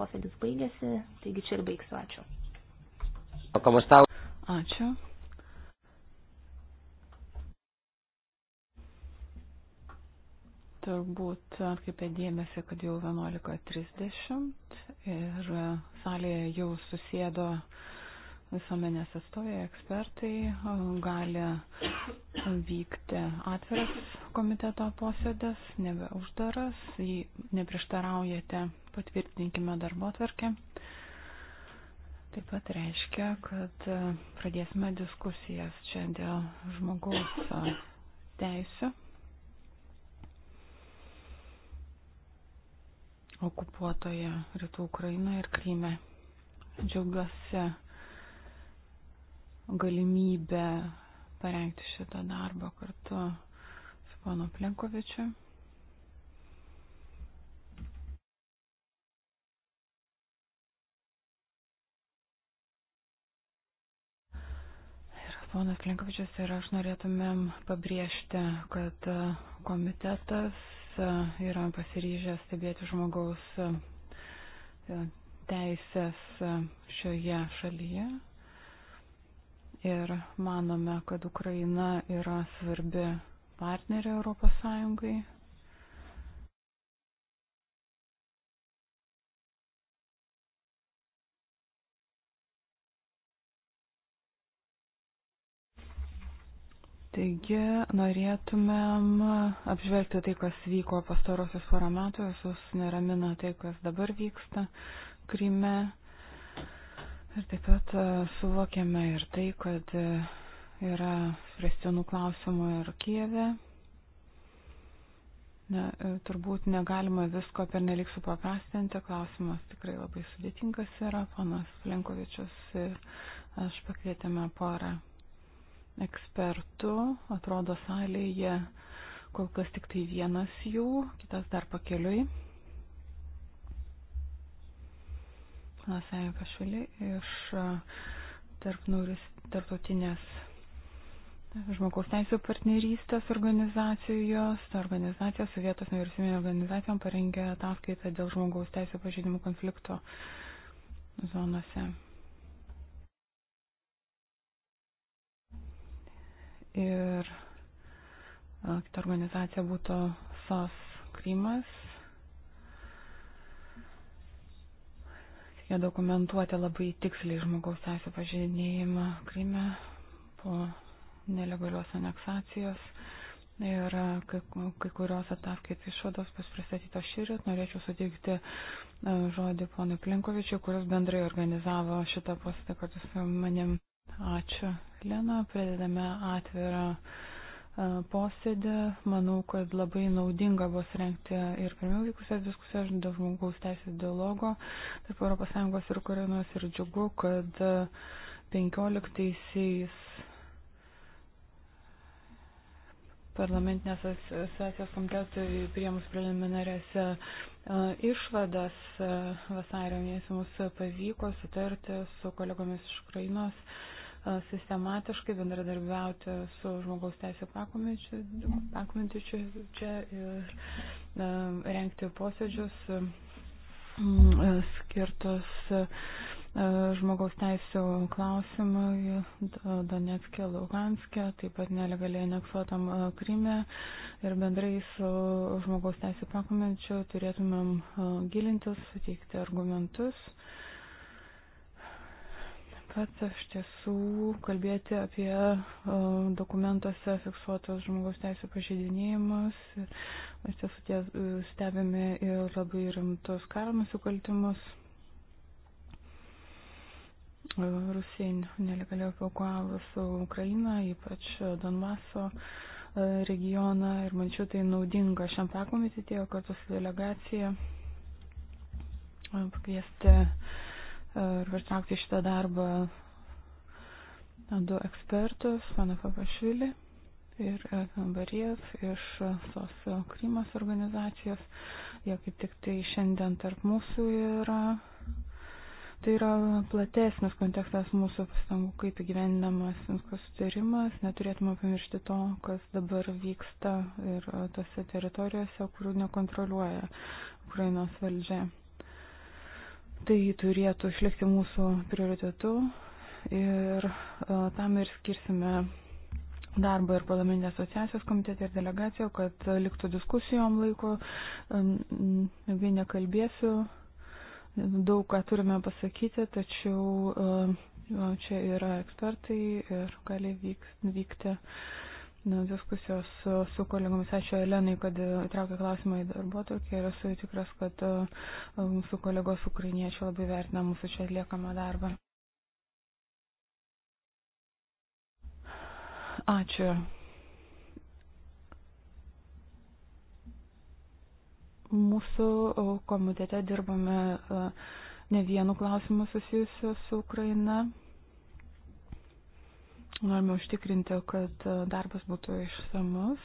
posėdis baigėsi, taigi čia ir baigsiu. Ačiū. Ačiū. Turbūt atkreipė dėmesį, kad jau 11.30 ir salėje jau susėdo visuomenės atstovai, ekspertai gali vykti atviras komiteto posėdės, nebe uždaras, jei neprieštaraujate, patvirtinkime darbo tvarkę. Taip pat reiškia, kad pradėsime diskusijas čia dėl žmogaus teisų okupuotoje Rytų Ukrainoje ir Kryme. Džiaugiuosi galimybę parengti šitą darbą kartu su panu Plenkovičiu. Ir ponas Plenkovičius ir aš norėtumėm pabrėžti, kad komitetas yra pasiryžęs stebėti žmogaus teisės šioje šalyje ir manome, kad Ukraina yra svarbi partnerė Europos Sąjungai. Taigi norėtumėm apžvelgti tai, kas vyko pastarosius porą metų, visus neramina tai, kas dabar vyksta Kryme. Ir taip pat e, suvokiame ir tai, kad e, yra prestinų klausimų ir Kijeve. Ne, turbūt negalima visko per nelik supaprastinti, klausimas tikrai labai sudėtingas yra, panas Lenkovičius ir aš pakvietėme porą ekspertų, atrodo salėje kol kas tik tai vienas jų, kitas dar pakeliui. Senė Pašvilį iš tarpnauris tarptautinės žmogaus teisų partnerystės organizacijos, organizacijos su vietos nevyriausybinio organizacijom parengė ataskaitą dėl žmogaus teisų pažeidimų konflikto zonose. Ir kita organizacija būtų SOS Krymas, Jie dokumentuoti labai tiksliai žmogaus teisų pažeidinėjimą Kryme po nelegalios aneksacijos. Ir kai, kai kurios ataskaitų išvados bus pristatytos šįryt, norėčiau suteikti e, žodį ponui Plinkovičiui, kuris bendrai organizavo šitą postą kartu su manim. Ačiū, Lena. Pradedame atvirą E, posėdį. Manau, kad labai naudinga buvo surenkti ir pirmiau vykusias diskusijas dėl žmogaus teisės dialogo tarp ES ir Korenos ir džiugu, kad 15-aisiais parlamentinės asociacijos komitetui priemus preliminarėse e, išvadas e, vasario mėnesį mums pavyko sutarti su kolegomis iš Ukrainos sistematiškai bendradarbiauti su žmogaus teisė pakomentyčiu čia ir rengti posėdžius skirtus žmogaus teisų klausimai Donetskė, Luganskė, taip pat nelegaliai aneksuotam Kryme ir bendrai su žmogaus teisų pakomenčiu turėtumėm gilintis, suteikti argumentus. Uh, kad iš tiesų kalbėti apie e, dokumentuose fiksuotos žmogaus teisų pažeidinėjimus. Iš tiesų tie e, stebime ir labai rimtus karo nusikaltimus. E, Rusija nelegaliai evakuavus Ukrainą, ypač Donbaso regioną ir mančiau tai naudinga šiam pakomitėtėje kartu su delegacija pakviesti uh, ir pritraukti šitą darbą du ekspertus, pana Papašvili ir Barijas iš tos Krymas organizacijos. Jie kaip tik tai šiandien tarp mūsų yra. Tai yra platesnis kontekstas mūsų pastangų, kaip įgyvendinamas Minsko sutarimas. Neturėtume pamiršti to, kas dabar vyksta ir tose teritorijose, kurių nekontroliuoja Ukrainos valdžia. Tai turėtų išlikti mūsų prioritetu ir e, tam ir skirsime darbą ir parlamentinė asociacijos komitetė ir delegacija, kad liktų diskusijom laiko. Vien nekalbėsiu, daug ką turime pasakyti, tačiau e, čia yra ekspertai ir gali vykti Na, diskusijos su, su kolegomis, ačiū Elenai, kad e, įtraukė klausimą į darbo tokį ir esu tikras, kad e, e, mūsų kolegos ukrainiečiai labai vertina mūsų čia atliekamą darbą. Ačiū. Mūsų komitete dirbame ne vienu klausimu susijusiu su Ukraina. Norime užtikrinti, kad e, darbas būtų išsamus.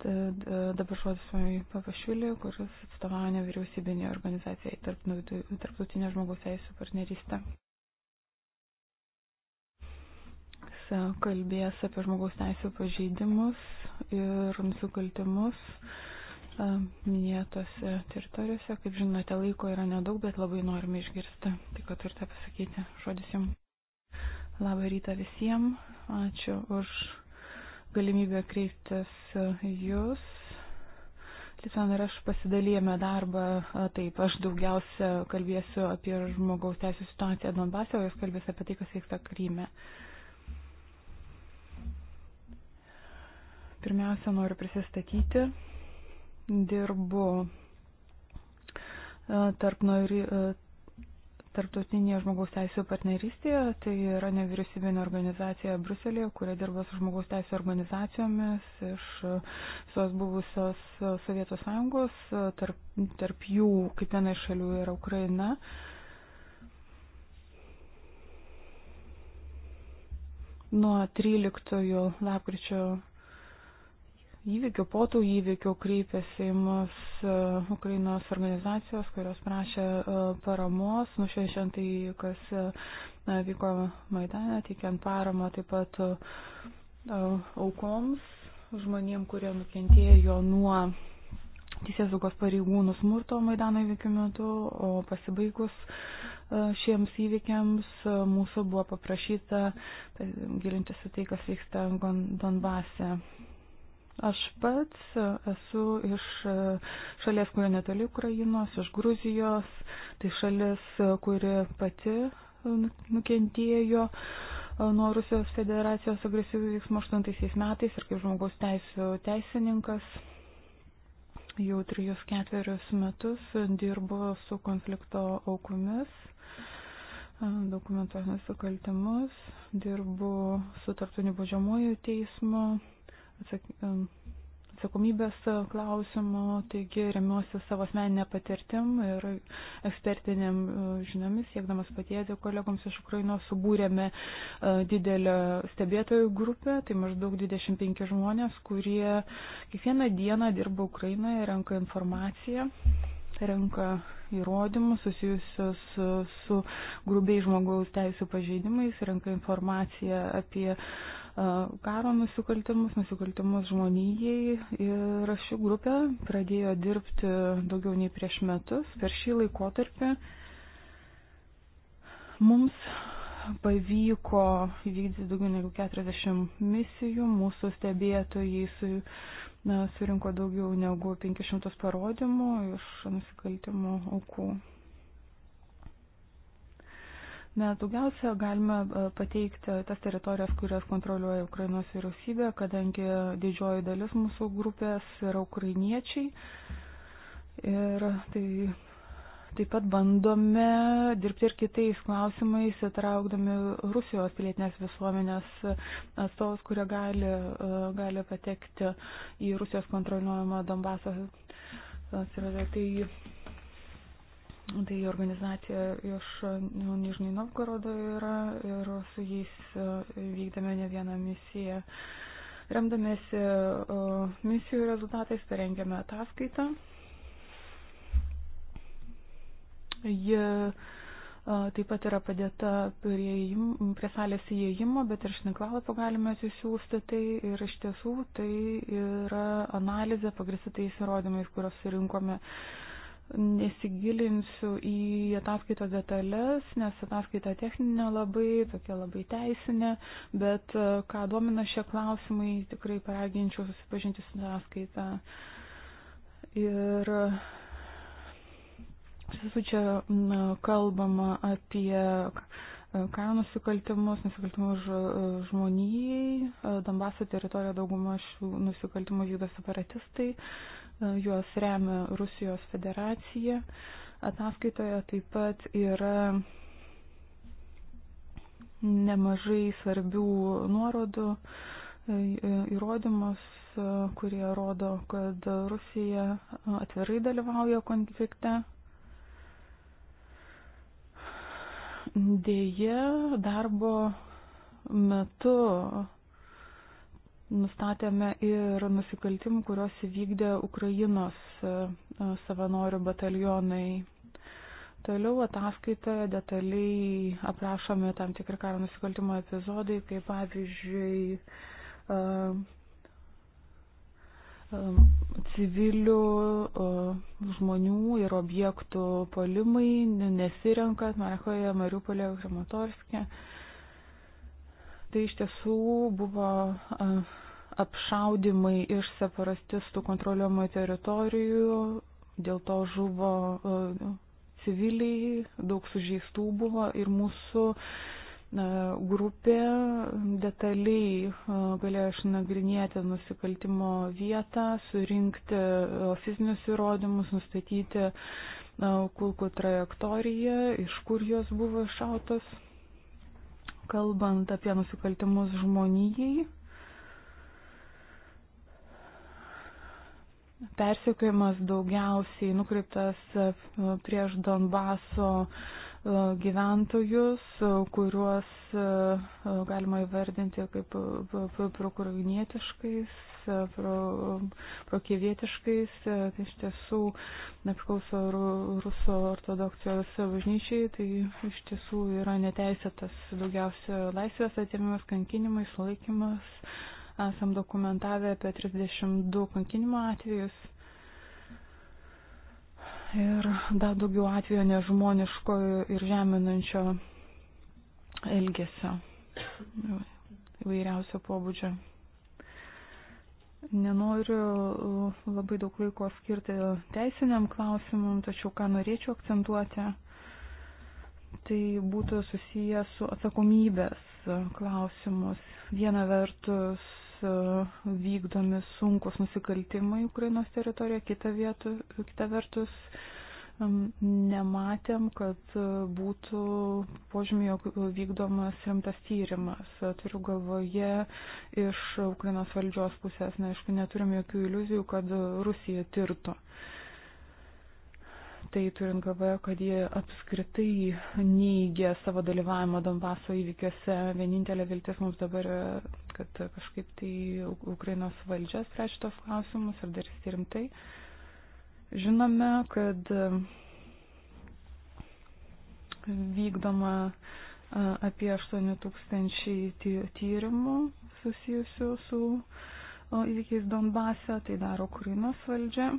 Dabar žodis Pavašiulį, kuris atstovauja nevyriausybinė organizacija į nu, tarptautinę žmogaus teisų partnerystę. Jis e, kalbės apie žmogaus teisų pažeidimus ir nusikaltimus e, minėtose teritorijose. Kaip žinote, laiko yra nedaug, bet labai norime išgirsti tai, ką turite pasakyti. Žodis jums. Labą rytą visiems. Ačiū už galimybę kreiptis jūs. Lisan ir aš pasidalėjome darbą, taip, aš daugiausia kalbėsiu apie žmogaus teisų situaciją Donbase, o jūs kalbės apie tai, kas vyksta Kryme. Pirmiausia, noriu prisistatyti. Dirbu tarp, nori, tarptautinėje žmogaus teisų partnerystėje, tai yra nevyriausybinė organizacija Bruselėje, kuria dirba su žmogaus teisų organizacijomis iš visos buvusios Sovietų sąjungos, tarp, tarp jų kaip viena iš šalių yra Ukraina. Nuo 13 lapkričio įvykių, po tų įvykių kreipėsi į mus e, Ukrainos organizacijos, kurios prašė e, paramos, nušviešiant tai, kas e, vyko Maidane, teikiant paramą taip pat aukoms, žmonėm, kurie nukentėjo nuo teisėsaugos pareigūnų smurto Maidano įvykių metu, o pasibaigus šiems įvykiams mūsų buvo paprašyta gilintis į tai, kas vyksta Donbase. Aš pats e, esu iš e, šalies, kuri netoli Ukrainos, iš Gruzijos, tai šalis, e, kuri pati nu, nukentėjo nuo Rusijos federacijos agresyvių veiksmų 8 metais ir kaip žmogaus teisų teisininkas jau trijus ketverius metus dirbu su konflikto aukomis, dokumentuojant nusikaltimus, dirbu su tarptautiniu baudžiamuoju teismu, atsakomybės klausimų, taigi remiuosi savo asmeninę patirtim ir ekspertiniam e, žiniomis, siekdamas padėti kolegoms iš Ukrainos, subūrėme e, didelę stebėtojų grupę, tai maždaug 25 žmonės, kurie kiekvieną dieną dirba Ukrainoje, renka informaciją renka įrodymus susijusius su, su grubiai žmogaus teisų pažeidimais, renka informaciją apie uh, karo nusikaltimus, nusikaltimus žmonijai. Ir ši grupė pradėjo dirbti daugiau nei prieš metus. Per šį laikotarpį mums pavyko įvykdyti daugiau negu 40 misijų, mūsų stebėtojai su, na, surinko daugiau negu 500 parodymų iš nusikaltimų aukų. Mes daugiausia galime e, pateikti tas teritorijas, kurias kontroliuoja Ukrainos vyriausybė, kadangi didžioji dalis mūsų grupės yra ukrainiečiai. Ir tai taip pat bandome dirbti ir kitais klausimais, įtraukdami Rusijos pilietinės visuomenės atstovus, kurie gali, e, gali patekti į Rusijos kontroliuojamą Donbasą. Tai Tai organizacija iš Nižnai Novgorodo yra ir su jais e, vykdame ne vieną misiją. Remdamėsi e, misijų rezultatais parengėme tai ataskaitą. Ji e, taip pat yra padėta prie, prie salės įėjimo, bet ir šniklalapą galime atsisiųsti tai ir iš tiesų tai yra analizė pagrįsta tais įrodymais, kuriuos surinkome uh, Nesigilinsiu į ataskaito detalės, nes ataskaita techninė labai, tokia labai teisinė, bet e, ką domina šie klausimai, tikrai paraginčiau susipažinti su ataskaita. Ir visų čia kalbama apie e, karo nusikaltimus, nusikaltimus e, žmonijai. Dambaso teritorijoje dauguma šių nusikaltimų vykdo separatistai. Uh, juos remia Rusijos federacija. Ataskaitoje taip pat yra nemažai svarbių nuorodų, e, e, įrodymus, e, kurie rodo, kad Rusija atvirai dalyvauja konflikte. Deja, darbo metu nustatėme ir nusikaltimų, kuriuos įvykdė Ukrainos e, e, savanorių batalionai. Toliau ataskaitoje detaliai aprašomi tam tikri karo nusikaltimo epizodai, kaip pavyzdžiui e, civilių žmonių ir objektų polimai, nesirenkant Marakoje, Mariupolė, Krematorskė. Tai iš tiesų buvo apšaudimai iš separatistų kontroliuojamų teritorijų, dėl to žuvo civiliai, daug sužeistų buvo ir mūsų grupė detaliai galėjo išnagrinėti nusikaltimo vietą, surinkti fizinius įrodymus, nustatyti kulkų trajektoriją, iš kur jos buvo iššautos kalbant apie nusikaltimus žmonijai, persekiojimas daugiausiai nukreiptas prieš Donbaso E, gyventojus, e, kuriuos e, galima įvardinti kaip prokurinietiškais, prokievietiškais, tai iš tiesų nepriklauso Ruso ortodoksijos bažnyčiai, tai iš tiesų yra neteisėtas daugiausia laisvės atėmimas, kankinimai, sulaikimas. Esam dokumentavę apie 32 kankinimo atvejus ir dar daugiau atveju nežmoniško ir žeminančio elgesio įvairiausio pobūdžio. Nenoriu uh, labai daug laiko skirti teisiniam klausimam, tačiau ką norėčiau akcentuoti, tai būtų susiję su atsakomybės uh, klausimus. Viena vertus vykdomi sunkus nusikaltimai Ukrainos teritorijoje, kita, vietu, kita vertus nematėm, kad būtų požymį, jog vykdomas rimtas tyrimas. Turiu galvoje iš Ukrainos valdžios pusės, neaišku, neturim jokių iliuzijų, kad Rusija tirto. Uh, Tai turint galvoje, kad jie apskritai neigia savo dalyvavimą Donbaso įvykiuose, vienintelė viltis mums dabar, kad kažkaip tai Ukrainos valdžia spręs šitos klausimus ir darys tai rimtai. Žinome, kad e, vykdoma e, apie 8 tūkstančiai tyrimų susijusių su įvykiais Donbase, tai daro Ukrainos valdžia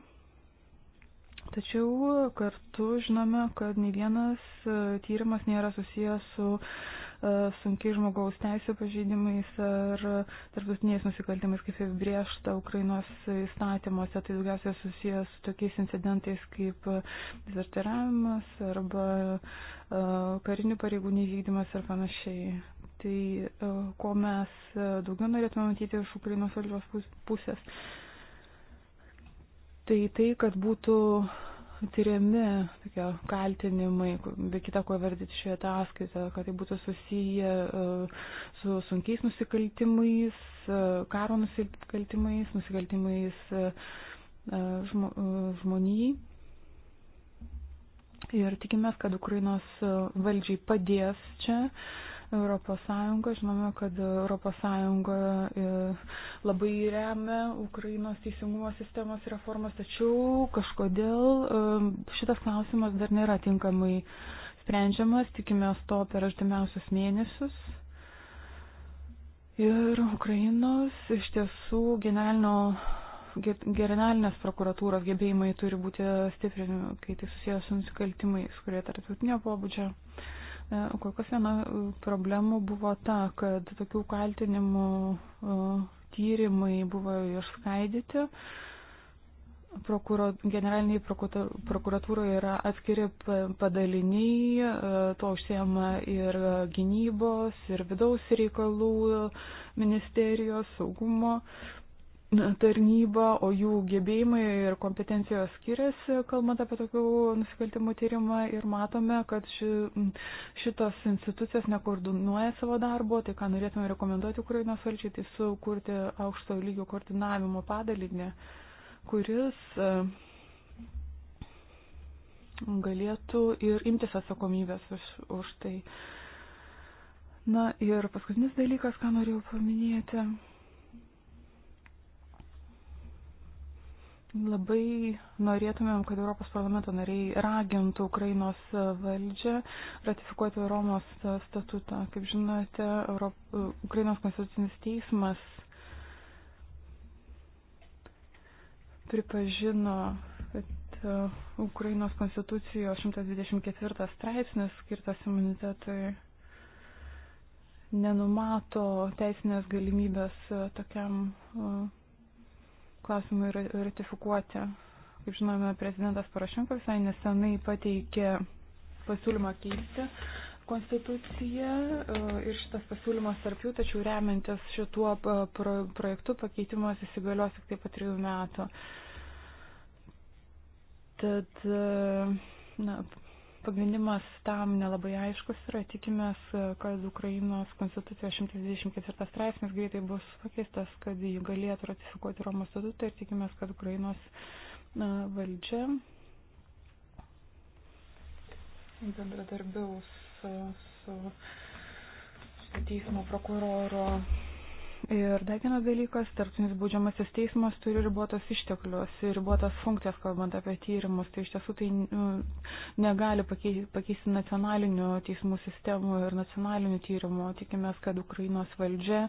Tačiau kartu žinome, kad nei vienas e, tyrimas nėra susijęs su e, sunkiai žmogaus teisų pažeidimais ar tarptautiniais nusikaltimais, kaip apibriešta Ukrainos įstatymuose. Tai daugiausiai susijęs su tokiais incidentais kaip dezertiravimas arba e, karinių pareigų nevykdymas ir panašiai. Tai ko mes daugiau norėtume matyti iš Ukrainos valdžios pusės, tai tai, kad būtų tyriami tokie kaltinimai, be kita ko vardyti šioje ataskaitoje, kad tai būtų susiję e, su sunkiais nusikaltimais, e, karo nusikaltimais, nusikaltimais e, žmo, žmonijai. Ir tikimės, kad Ukrainos valdžiai padės čia uh, Europos Sąjunga. Žinome, kad Europos Sąjunga e, labai remia Ukrainos teisingumo sistemos reformas, tačiau kažkodėl e, šitas klausimas dar nėra tinkamai sprendžiamas. Tikimės to per artimiausius mėnesius. Ir Ukrainos iš tiesų generalinio generalinės prokuratūros gebėjimai turi būti stiprinimi, kai tai susijęs su nusikaltimais, kurie tarptautinio pobūdžio. Uh, E, kol kas viena e, problemų buvo ta, kad tokių kaltinimų e, tyrimai buvo išskaidyti. Prokuro, generaliniai prokuratūroje yra atskiri padaliniai, to užsiema ir gynybos, ir vidaus reikalų ministerijos, saugumo. Uh, tarnybą, o jų gebėjimai ir kompetencijos skiriasi, kalbant apie tokių nusikaltimų tyrimą ir matome, kad ši, šitos institucijos nekoordinuoja savo darbo, tai ką norėtume rekomenduoti Ukrainos valdžiai, tai sukurti aukšto lygio koordinavimo padalinį, kuris e, galėtų ir imtis atsakomybės už, už tai. Na ir paskutinis dalykas, ką norėjau paminėti Labai norėtumėm, kad Europos parlamento nariai ragintų Ukrainos valdžią ratifikuoti Romos statutą. Kaip žinote, Europ... Ukrainos konstitucinis teismas pripažino, kad e, Ukrainos konstitucijos 124 straipsnis skirtas imunitetui nenumato teisinės galimybės e, tokiam e, klausimui ratifikuoti. Kaip žinome, prezidentas Parašenko visai nesenai pateikė pasiūlymą keisti konstituciją e, ir šitas pasiūlymas tarp jų, tačiau remiantis šituo e, projektu pakeitimas įsigalios tik taip pat trijų metų. Tad e, na, Pagrindimas tam nelabai aiškus yra, tikimės, kad Ukrainos konstitucijos 124 straipsnis greitai bus pakeistas, kad jį galėtų ratifikuoti Romos statutą ir tikimės, kad Ukrainos na, valdžia bendradarbiaus su, su teismo prokuroro Ir dar vienas dalykas, tarptautinis baudžiamasis teismas turi ribotos išteklius ir ribotas funkcijas, kalbant apie tyrimus. Tai iš tiesų tai nu, negali pakeisti nacionalinių teismų sistemų ir nacionalinių tyrimų. Tikimės, kad Ukrainos valdžia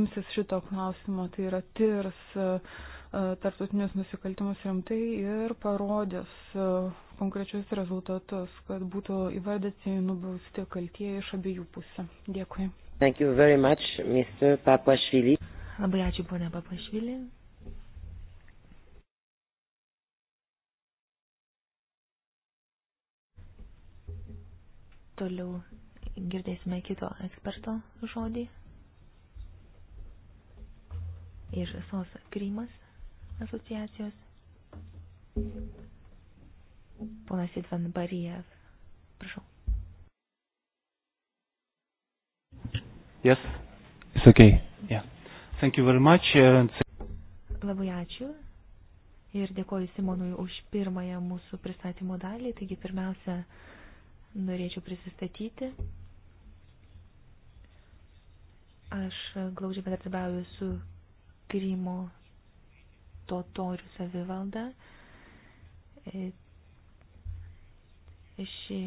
imsis šito klausimo, tai yra tirs e, tarptautinius nusikaltimus rimtai ir parodys e, konkrečius rezultatus, kad būtų įvardyti nubausti kaltieji iš abiejų pusių. Dėkui. Thank you very much, Mr. Papašvili. Labai ačiū, ponia Papašvili. Toliau girdėsime kito eksperto žodį. Iš SOS Krymas asociacijos. Ponas Idvan Barijev. Prašau. Yes? It's okay. Yeah. Thank you very much. Uh, and... Labai ačiū. Ir dėkoju Simonui už pirmąją mūsų pristatymo dalį. Taigi pirmiausia, norėčiau prisistatyti. Aš glaudžiai bendradarbiauju su Krymo totorių savivalda. E, ši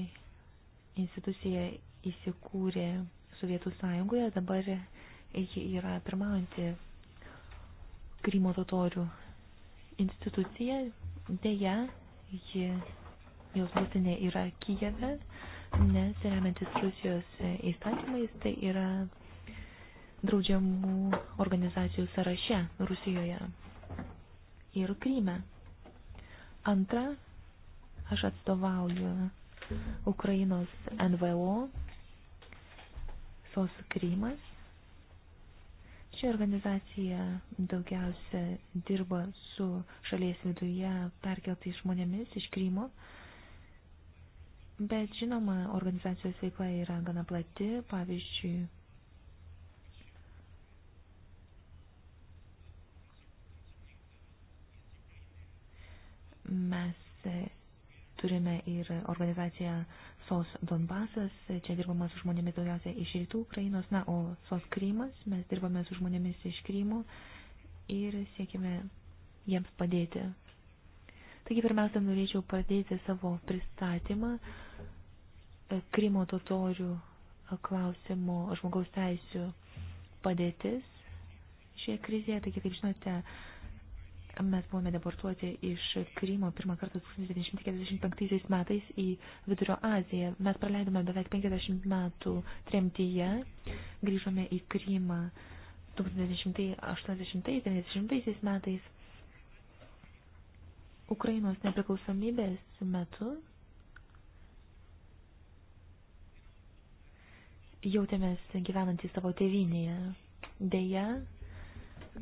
institucija įsikūrė Sovietų sąjungoje, dabar ji yra pirmaujanti Krymo totorių institucija, dėja, ji, jos būtinė yra Kijeve, nes remiantis Rusijos įstatymais, tai yra draudžiamų organizacijų sąraše Rusijoje ir Kryme. Antra, aš atstovauju Ukrainos NVO Sos Krymas. Ši organizacija daugiausia dirba su šalies viduje perkeltais žmonėmis iš Krymo, bet žinoma, organizacijos veikla yra gana plati, pavyzdžiui, mes Turime ir organizaciją SOS Donbasas, čia dirbama su žmonėmis daugiausia iš rytų Ukrainos, na, o SOS Krymas, mes dirbame su žmonėmis iš Krymo ir siekime jiems padėti. Taigi pirmiausia, norėčiau pradėti savo pristatymą Krymo totorių klausimo žmogaus teisių padėtis šioje krizėje. Taigi, kaip žinote, Mes buvome deportuoti iš Krymo pirmą kartą 1945 metais į Vidurio Aziją. Mes praleidome beveik 50 metų tremtyje, grįžome į Krymą 1980-90 metais. Ukrainos nepriklausomybės metu jautėmės gyvenantys savo tėvynėje. Deja,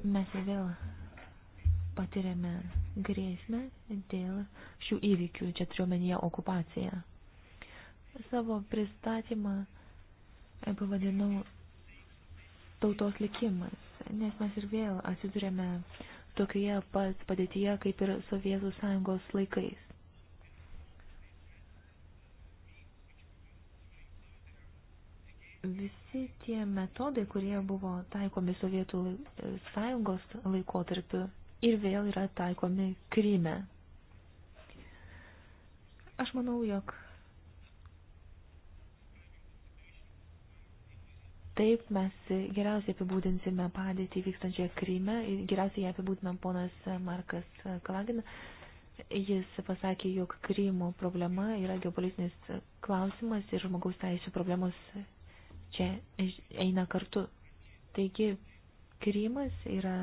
mes ir vėl patiriame grėsmę dėl šių įvykių, čia turiuomenyje okupaciją. Savo pristatymą e, pavadinau tautos likimas, nes mes ir vėl atsidurėme tokioje pat padėtyje kaip ir Sovietų sąjungos laikais. Visi tie metodai, kurie buvo taikomi Sovietų e, sąjungos laikotarpiu, ir vėl yra taikomi Kryme. Aš manau, jog taip mes geriausiai apibūdinsime padėtį vykstančią Kryme, geriausiai ją apibūdinam ponas Markas Kalagina. Jis pasakė, jog Krymo problema yra geopolitinis klausimas ir žmogaus teisų problemos čia eina kartu. Taigi, Krymas yra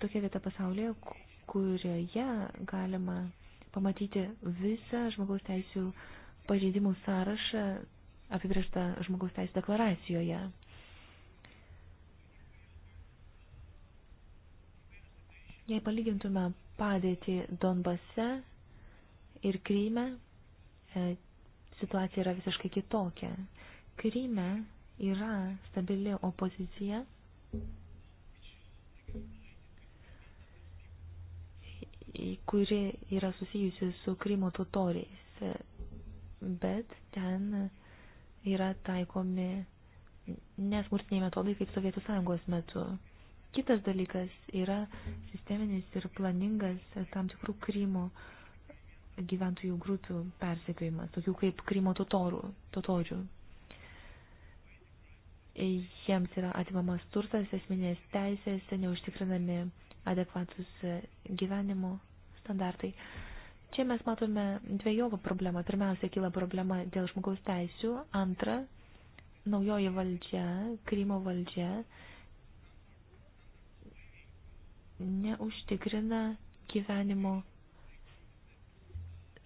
tokia vieta pasaulyje, kurioje galima pamatyti visą žmogaus teisų pažeidimų sąrašą apibriežtą žmogaus teisų deklaracijoje. Jei palygintume padėtį Donbase ir Kryme, e, situacija yra visiškai kitokia. Kryme yra stabili opozicija. kuri yra susijusi su Krymo totoriais, bet ten yra taikomi nesmurtiniai metodai kaip Sovietų sąjungos metu. Kitas dalykas yra sisteminis ir planingas tam tikrų Krymo gyventojų grupių persekiojimas, tokių kaip Krymo totorų, totorių. Jiems yra atimamas turtas, esminės teisės, neužtikrinami adekvatus e, gyvenimo standartai. Čia mes matome dviejovą problemą. Pirmiausia, kyla problema dėl žmogaus teisių. Antra, naujoji valdžia, Krymo valdžia neužtikrina gyvenimo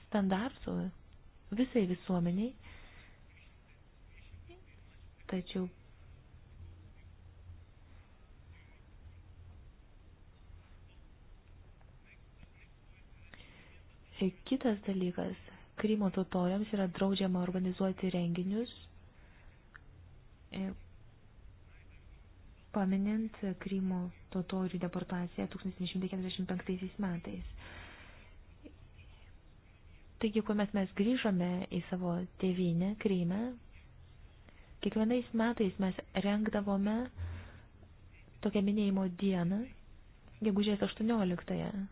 standartų visai visuomeniai, tačiau Kitas dalykas, Krymo totoriams yra draudžiama organizuoti renginius, paminint Krymo totorių deportaciją 1945 metais. Taigi, kuomet mes grįžome į savo tėvynę Kryme, kiekvienais metais mes rengdavome tokią minėjimo dieną, gegužės 18. -ąją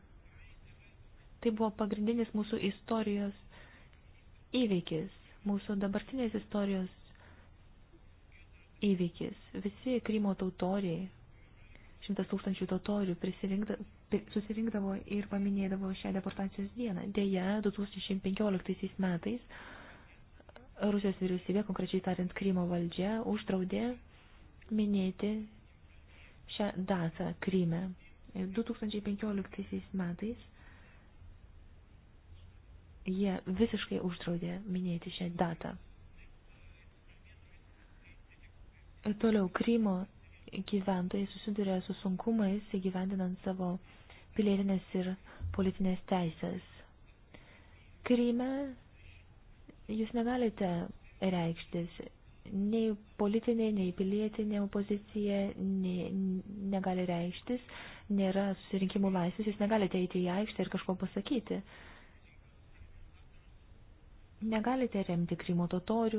Tai buvo pagrindinis mūsų istorijos įvykis, mūsų dabartinės istorijos įvykis. Visi Krymo tautoriai, šimtas tūkstančių totorių susirinkdavo ir paminėdavo šią deportacijos dieną. Deja, 2015 metais Rusijos vyriausybė, konkrečiai tariant Krymo valdžia, uždraudė minėti šią datą Kryme. 2015 metais jie visiškai uždraudė minėti šią datą. Toliau Krymo gyventojai susiduria su sunkumais įgyvendinant savo pilietinės ir politinės teisės. Kryme jūs negalite reikštis nei politinė, nei pilietinė opozicija nei, negali reikštis, nėra susirinkimų laisvės, jūs negalite eiti į aikštę ir kažko pasakyti. Uh, Negalite remti Krymo totorių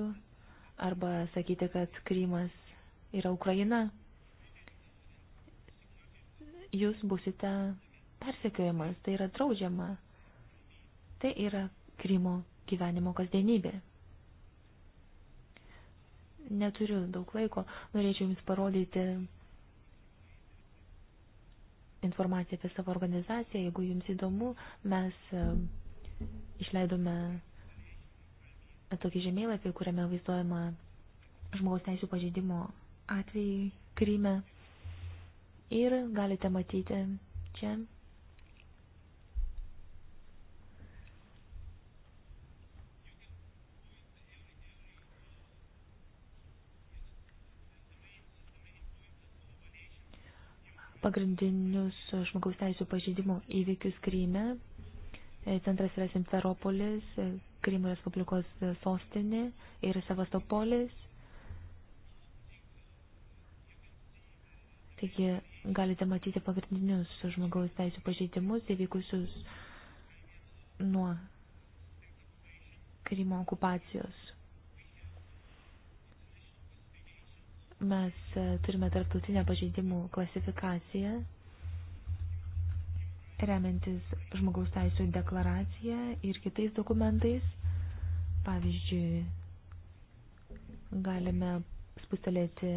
arba sakyti, kad Krymas yra Ukraina. Jūs busite persekiojamas, tai yra draudžiama. Tai yra Krymo gyvenimo kasdienybė. Neturiu daug laiko, norėčiau Jums parodyti informaciją apie savo organizaciją. Jeigu Jums įdomu, mes e, išleidome tokį žemėlapį, kuriame vaizduojama žmogaus teisų pažeidimo atvejai Kryme. Ir galite matyti čia. Pagrindinius žmogaus teisų pažeidimo įvykius Kryme. Centras yra Simferopolis, Krymo Respublikos sostinė ir Sevastopolis. Taigi galite matyti pagrindinius žmogaus teisų pažeidimus įvykusius nuo Krymo okupacijos. Mes e, turime tarptautinę pažeidimų klasifikaciją remiantis žmogaus teisų deklaracija ir kitais dokumentais. Pavyzdžiui, galime spustelėti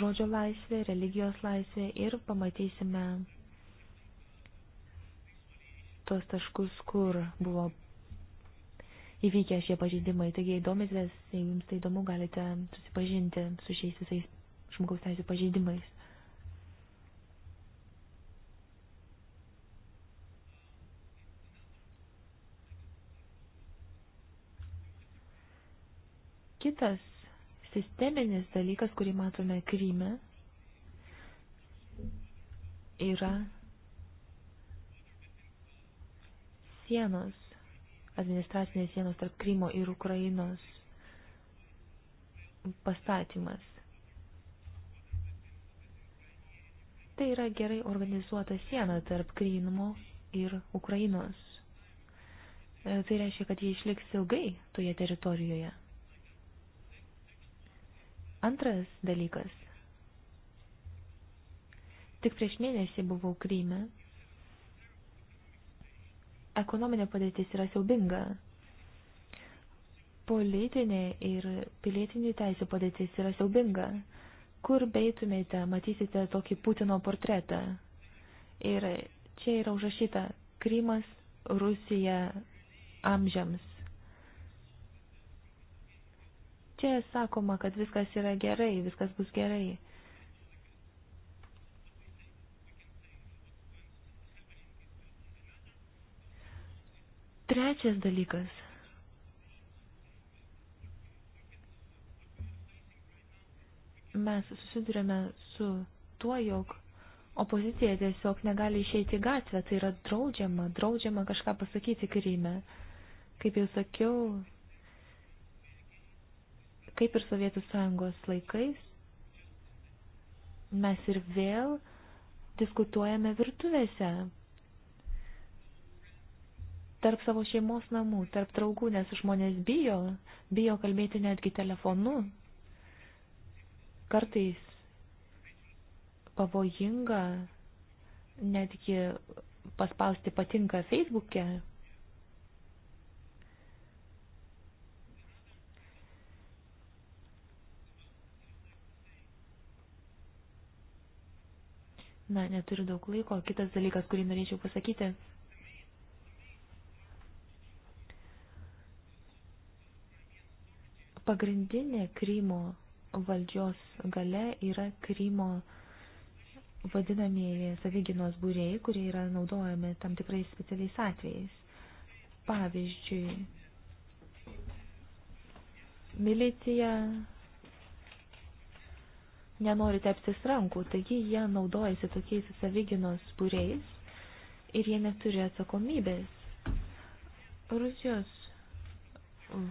žodžio laisvę, religijos laisvę ir pamatysime tos taškus, kur buvo įvykę šie pažeidimai. Taigi, įdomitės, jeigu jums tai įdomu, galite susipažinti su šiais visais žmogaus teisų pažeidimais. Kitas sisteminis dalykas, kurį matome Kryme, yra sienos, administracinės sienos tarp Krymo ir Ukrainos pastatymas. Tai yra gerai organizuota siena tarp Krymo ir Ukrainos. E, tai reiškia, kad jie išliks ilgai toje teritorijoje. Antras dalykas. Tik prieš mėnesį buvau Kryme. Ekonominė padėtis yra siaubinga. Politinė ir pilietinių teisų padėtis yra siaubinga. Kur beitumėte, matysite tokį Putino portretą. Ir čia yra užrašyta Krymas, Rusija, amžiams. Čia sakoma, kad viskas yra gerai, viskas bus gerai. Trečias dalykas. Mes susidurėme su tuo, jog opozicija tiesiog negali išeiti į gatvę, tai yra draudžiama, draudžiama kažką pasakyti Kryme. Kaip jau sakiau, Kaip ir Sovietų sąjungos laikais, mes ir vėl diskutuojame virtuvėse, tarp savo šeimos namų, tarp draugų, nes žmonės bijo, bijo kalbėti netgi telefonu. Kartais pavojinga netgi paspausti patinka Facebook'e. Na, neturiu daug laiko. Kitas dalykas, kurį norėčiau pasakyti. Pagrindinė Krymo valdžios gale yra Krymo vadinamieji savigynos būrėjai, kurie yra naudojami tam tikrais specialiais atvejais. Pavyzdžiui, milicija nenori teptis rankų, taigi jie naudojasi tokiais savyginos būreis ir jie neturi atsakomybės. Rusijos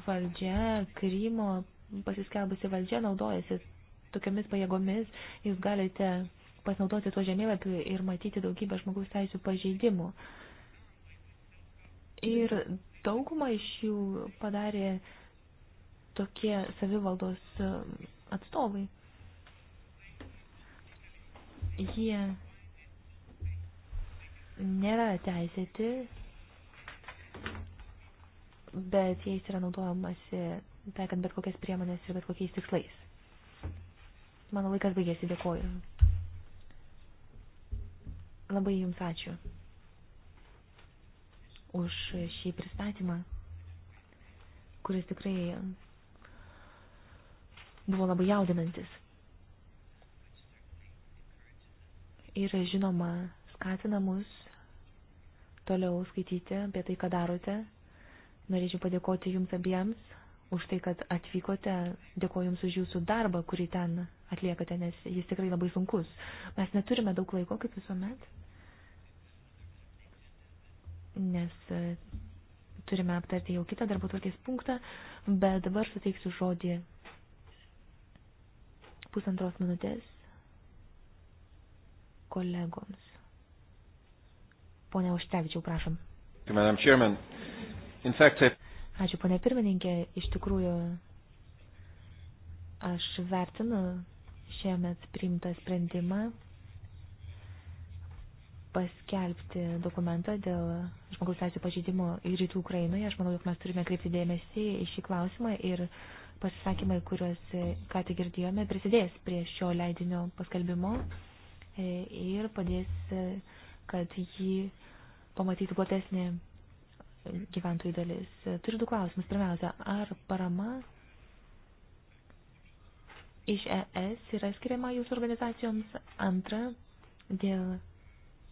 valdžia, Krymo pasiskelbusi valdžia naudojasi tokiamis pajėgomis, jūs galite pasinaudoti tuo žemėlapiu ir matyti daugybę žmogaus teisų pažeidimų. Ir dauguma iš jų padarė tokie savivaldos um, atstovai. Jie nėra teisėti, bet jais yra naudojamasi taikant bet kokias priemonės ir bet kokiais tikslais. Mano laikas baigėsi, dėkoju. Labai Jums ačiū už šį pristatymą, kuris tikrai buvo labai jaudinantis. ir žinoma skatina mus toliau skaityti apie tai, ką darote. Norėčiau padėkoti jums abiems už tai, kad atvykote. Dėkoju jums už jūsų darbą, kurį ten atliekate, nes jis tikrai labai sunkus. Mes neturime daug laiko, kaip visuomet, nes e, turime aptarti jau kitą darbo tvarkės punktą, bet dabar suteiksiu žodį pusantros minutės kolegoms. Pone Užtevičiau, prašom. Ačiū, ponė pirmininkė. Iš tikrųjų, aš vertinu šiemet priimtą sprendimą paskelbti dokumentą dėl žmogaus teisų pažeidimo į rytų Ukrainoje. Aš manau, jog mes turime kreipti dėmesį į šį klausimą ir pasisakymai, kuriuos ką tik girdėjome, prisidės prie šio leidinio paskelbimo E, ir padės, e, kad jį pamatytų platesnė gyventojų dalis. E, turiu du klausimus. Pirmiausia, ar parama iš ES yra skiriama jūsų organizacijoms? Antra, dėl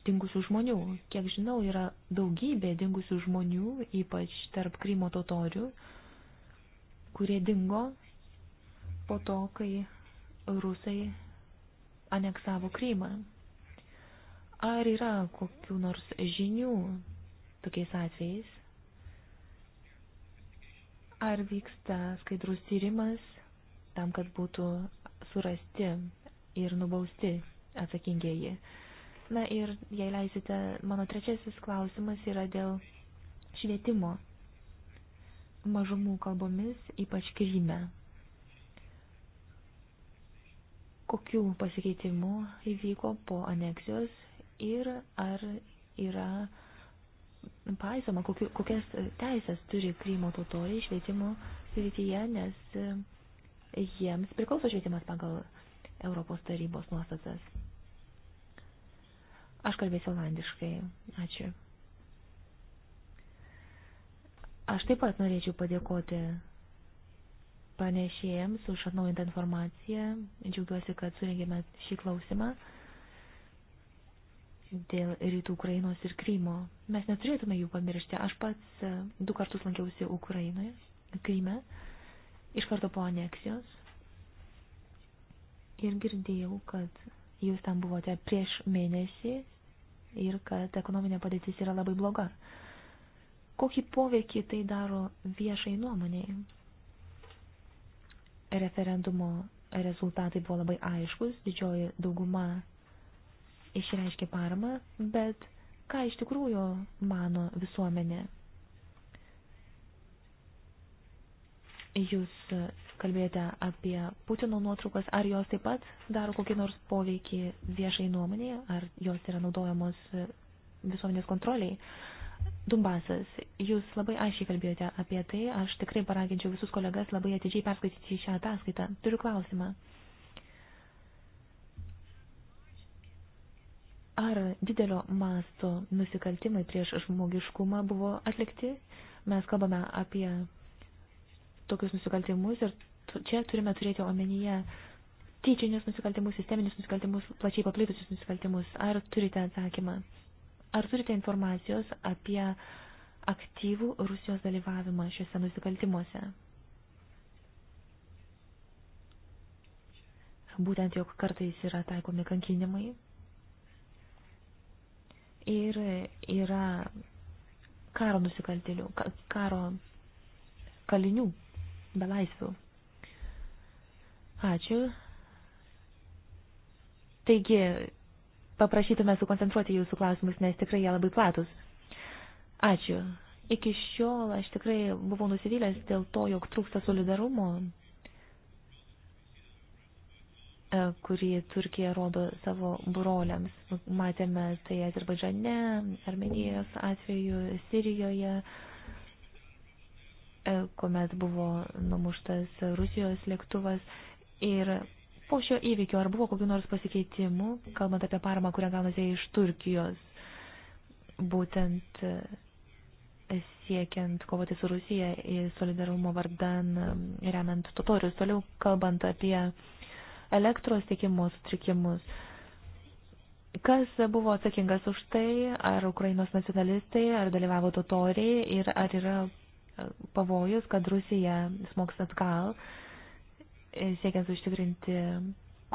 dingusių žmonių. Kiek žinau, yra daugybė dingusių žmonių, ypač tarp Krymo totorių, kurie dingo po to, kai rusai aneksavo Krymą. Ar yra kokių nors žinių tokiais atvejais? Ar vyksta skaidrus tyrimas tam, kad būtų surasti ir nubausti atsakingieji? Na ir, jei leisite, mano trečiasis klausimas yra dėl švietimo mažumų kalbomis, ypač Kryme kokių pasikeitimų įvyko po aneksijos ir ar yra paisoma, kokiu, kokias teisės turi Krymo totoriai švietimo srityje, nes e, jiems priklauso švietimas pagal Europos tarybos nuostatas. Aš kalbėsiu olandiškai. Ačiū. Aš taip pat norėčiau padėkoti panešėjams už atnaujintą informaciją. Džiaugiuosi, kad surengėme šį klausimą dėl rytų Ukrainos ir Krymo. Mes neturėtume jų pamiršti. Aš pats e, du kartus lankiausi Ukrainoje, Kryme, iš karto po aneksijos. Ir girdėjau, kad jūs tam buvote prieš mėnesį ir kad ekonominė padėtis yra labai bloga. Kokį poveikį tai daro viešai nuomonėjai? referendumo rezultatai buvo labai aiškus, didžioji dauguma išreiškė paramą, bet ką iš tikrųjų mano visuomenė? Jūs kalbėjote apie Putino nuotraukas, ar jos taip pat daro kokį nors poveikį viešai nuomonėje, ar jos yra naudojamos visuomenės kontroliai. Dumbasas, jūs labai aiškiai kalbėjote apie tai, aš tikrai paraginčiau visus kolegas labai atidžiai perskaityti šią ataskaitą. Turiu klausimą. Ar didelio masto nusikaltimai prieš žmogiškumą buvo atlikti? Mes kalbame apie tokius nusikaltimus ir čia turime turėti omenyje tyčinius nusikaltimus, sisteminius nusikaltimus, plačiai paplitusius nusikaltimus. Ar turite atsakymą? Ar turite informacijos apie aktyvų Rusijos dalyvavimą šiuose nusikaltimuose? Būtent jog kartais yra taikomi kankinimai ir yra karo nusikaltėlių, karo kalinių, belaisvių. Ačiū. Taigi, paprašytume sukoncentruoti jūsų klausimus, nes tikrai jie labai platus. Ačiū. Iki šiol aš tikrai buvau nusivylęs dėl to, jog trūksta solidarumo, e, kurį Turkija rodo savo broliams. Matėme tai Azerbaidžane, Armenijos atveju, Sirijoje, e, kuomet buvo numuštas Rusijos lėktuvas ir po šio įvykio, ar buvo kokiu nors pasikeitimu, kalbant apie paramą, kurią gaunate iš Turkijos, būtent e, siekiant kovoti su Rusija ir solidarumo vardan e, remiant totorius. Toliau kalbant apie elektros tiekimo sutrikimus. Kas buvo atsakingas už tai, ar Ukrainos nacionalistai, ar dalyvavo totoriai ir ar yra e, pavojus, kad Rusija smoks atgal siekiant užtikrinti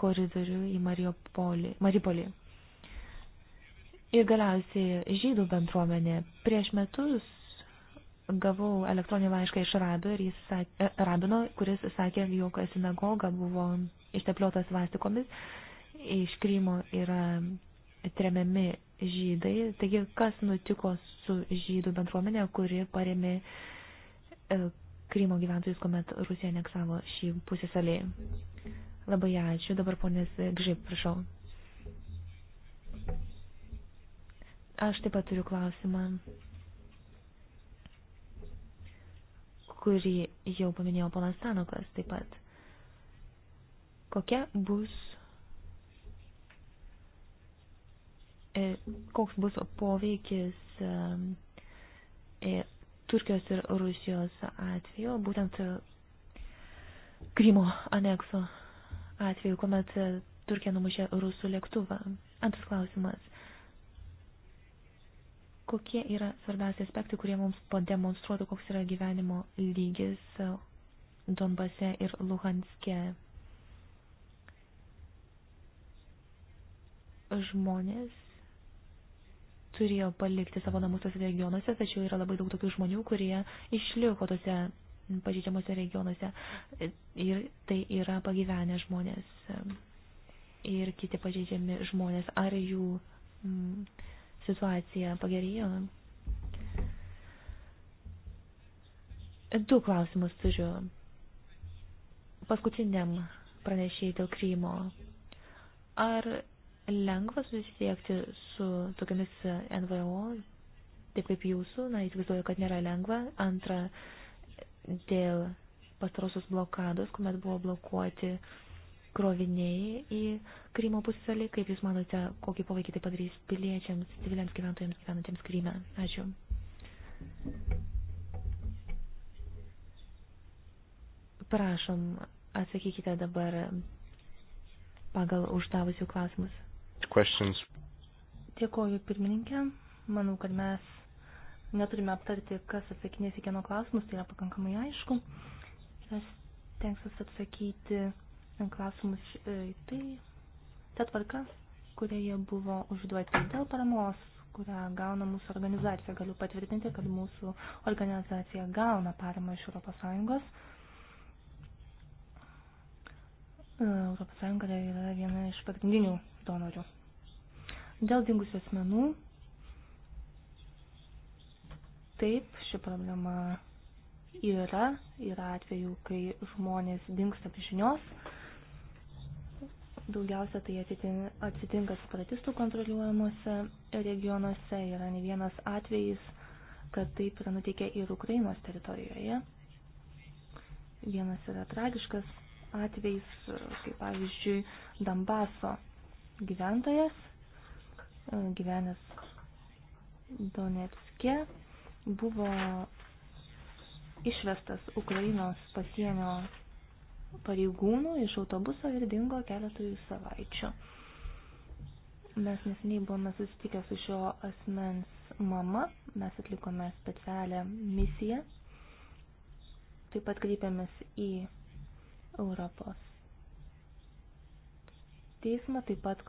koridorių į Mariupolį. Maripolį. Ir galiausiai žydų bendruomenė. Prieš metus gavau elektroninį laišką iš Rabio ir jis sakė, e, Rabino, kuris sakė, jog sinagoga buvo ištepliotas vastikomis, iš Krymo yra tremiami žydai. Taigi, kas nutiko su žydų bendruomenė, kuri paremė e, Krymo gyventojus, kuomet Rusija aneksavo šį pusėsalį. Labai ačiū. Dabar ponės Gžip, prašau. Aš taip pat turiu klausimą, kurį jau paminėjo ponas Sanokas taip pat. Kokia bus e, koks bus poveikis e, Turkijos ir Rusijos atveju, būtent Krymo anekso atveju, kuomet Turkija numušė rusų lėktuvą. Antras klausimas. Kokie yra svarbiausi aspektai, kurie mums pademonstruotų, koks yra gyvenimo lygis Donbase ir Luhanske? Žmonės turėjo palikti savo namus tose regionuose, tačiau yra labai daug tokių žmonių, kurie išliko tose pažydžiamuose regionuose. Ir tai yra pagyvenę žmonės ir kiti pažydžiami žmonės. Ar jų m, mm, situacija pagerėjo? Du klausimus turiu. Paskutiniam pranešėjai dėl Krymo. Ar lengva susisiekti su tokiamis NVO, taip kaip jūsų, na, įsivaizduoju, kad nėra lengva. Antra, dėl pastarosios blokados, kuomet buvo blokuoti kroviniai į Krymo pusėlį, kaip Jūs manote, kokį poveikį tai padarys piliečiams, civiliams gyventojams gyvenantiems Kryme? Ačiū. Prašom, atsakykite dabar pagal uždavusių klausimus questions. Dėkoju pirmininkė. Manau, kad mes neturime aptarti, kas atsakinės į kieno klausimus, tai yra pakankamai aišku. Aš tenksiuosi atsakyti klausimus į tai, ta tvarka, kurie jie buvo užduoti dėl paramos, kurią gauna mūsų organizacija. Galiu patvirtinti, kad mūsų organizacija gauna paramą iš ES. E, ES yra viena iš pagrindinių donorių. Dėl dingusių asmenų, taip, ši problema yra, yra atvejų, kai žmonės dinksta pažinios. Daugiausia tai atsitinka separatistų kontroliuojamuose regionuose, yra ne vienas atvejis, kad taip yra nutikę ir Ukrainos teritorijoje. Vienas yra tragiškas atvejis, kaip pavyzdžiui, Dambaso gyventojas gyvenęs Donetske, buvo išvestas Ukrainos pasienio pareigūnų iš autobuso ir dingo keletui savaičių. Mes nesiniai buvome susitikę su šio asmens mama, mes atlikome specialią misiją, taip pat kreipėmės į Europos teismą, taip pat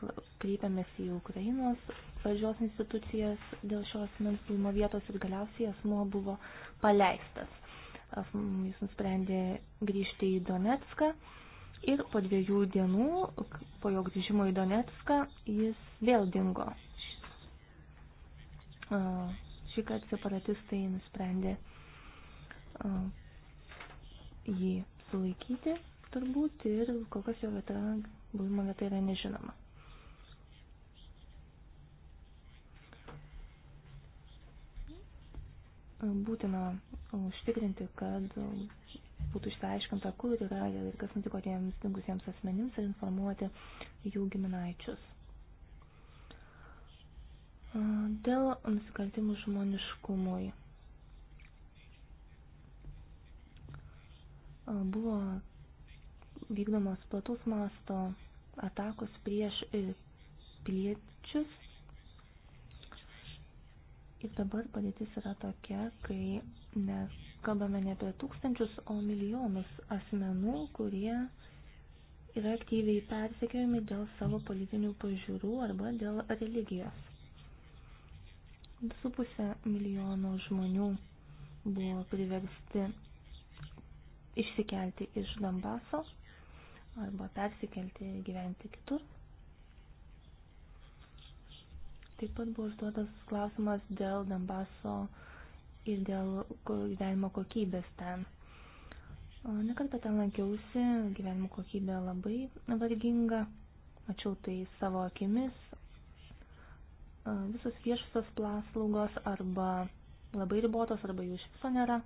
kreipiamės į Ukrainos valdžios institucijas dėl šios asmens buvimo vietos ir galiausiai asmuo buvo paleistas. Jis nusprendė grįžti į Donetską ir po dviejų dienų, po jo grįžimo į Donetską, jis vėl dingo. Šį kartą separatistai nusprendė jį sulaikyti turbūt ir kol kas jo vieta buvimo vieta yra nežinoma. Būtina užtikrinti, kad būtų išsiaiškinta, kur yra ir kas nutiko tiems dingusiems asmenims ir informuoti jų giminaičius. Dėl nusikaltimų žmoniškumui buvo vykdomos plataus masto atakos prieš e, piliečius. Ir dabar padėtis yra tokia, kai mes kalbame ne apie tūkstančius, o milijonus asmenų, kurie yra aktyviai persekiojami dėl savo politinių pažiūrų arba dėl religijos. 2,5 milijono žmonių buvo priversti išsikelti iš Dambaso arba persikelti gyventi kitur. Taip pat buvo užduotas klausimas dėl Dambaso ir dėl gyvenimo kokybės ten. Nekartą ten lankiausi, gyvenimo kokybė labai varginga, mačiau tai savo akimis. Visos viešosios paslaugos arba labai ribotos, arba jų iš viso nėra.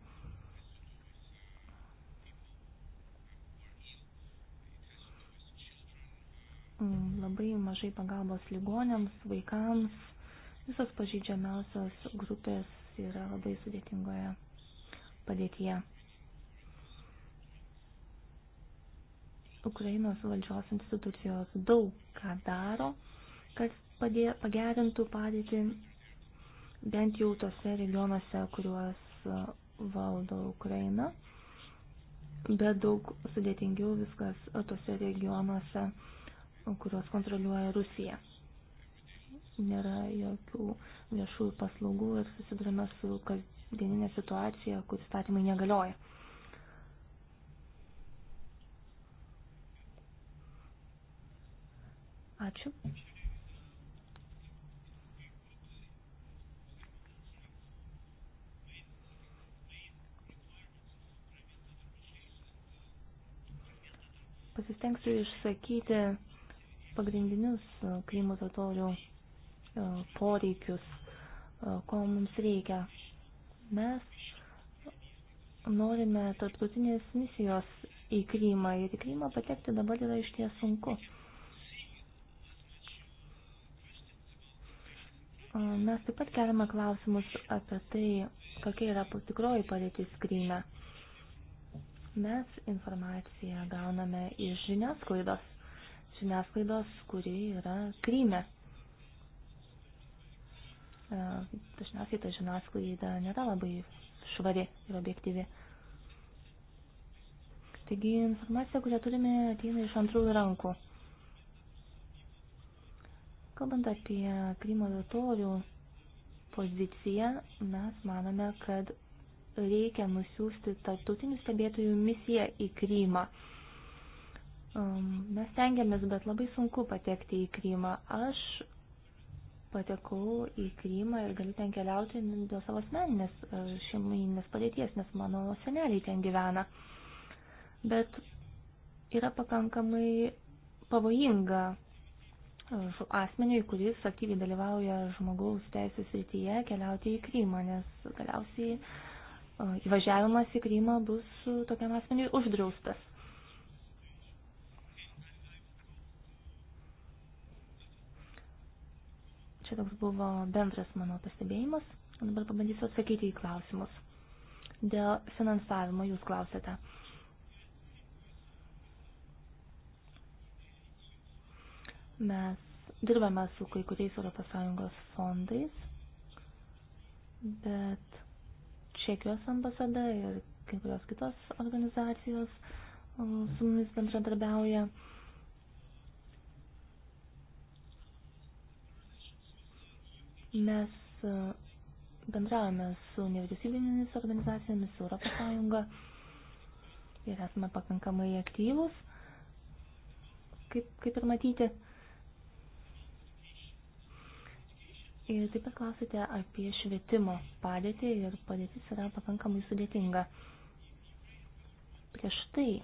Mm, labai mažai pagalbos ligonėms, vaikams. Visos pažydžiamiausios grupės yra labai sudėtingoje padėtyje. Ukrainos valdžios institucijos daug ką daro, kad padė, pagerintų padėtį bent jau tose regionuose, kuriuos uh, valdo Ukraina, bet daug sudėtingiau viskas tose regionuose, kuriuos kontroliuoja Rusija. Nėra jokių viešųjų paslaugų ir susidurime su kasdieninė situacija, kur statymai negalioja. Ačiū. Pasistengsiu išsakyti pagrindinius e, Krymo totorių e, poreikius, e, ko mums reikia. Mes norime tarptautinės misijos į Krymą ir į Krymą patekti dabar yra iš ties sunku. Mes taip pat keliame klausimus apie tai, kokia yra tikroji padėtis Kryme. Mes informaciją gauname iš žiniasklaidos žiniasklaidos, kuri yra Kryme. E, dažniausiai ta žiniasklaida nėra labai švari ir objektyvi. Taigi informacija, kurią turime, ateina iš antrųjų rankų. Kalbant apie Krymo totorių poziciją, mes manome, kad reikia nusiųsti tarptautinių stebėtojų misiją į Krymą. Mes tengiamės, bet labai sunku patekti į Krymą. Aš patekau į Krymą ir galiu ten keliauti dėl savo asmeninės e, šeiminės padėties, nes mano seneliai ten gyvena. Bet yra pakankamai pavojinga e, asmeniui, kuris aktyviai dalyvauja žmogaus teisų srityje, keliauti į Krymą, nes galiausiai e, įvažiavimas į Krymą bus tokiam asmeniui uždraustas. Čia toks buvo bendras mano pastebėjimas. Dabar pabandysiu atsakyti į klausimus. Dėl finansavimo jūs klausėte. Mes dirbame su kai kuriais ES fondais, bet Čekijos ambasada ir kai kurios kitos organizacijos uh, su mumis bendradarbiauja. Mes e, bendravome su nevyriausybinėmis organizacijomis, su Europos Sąjunga ir esame pakankamai aktyvus, kaip, kaip ir matyti. Ir taip pat klausite apie švietimo padėtį ir padėtis yra pakankamai sudėtinga. Prieš tai e,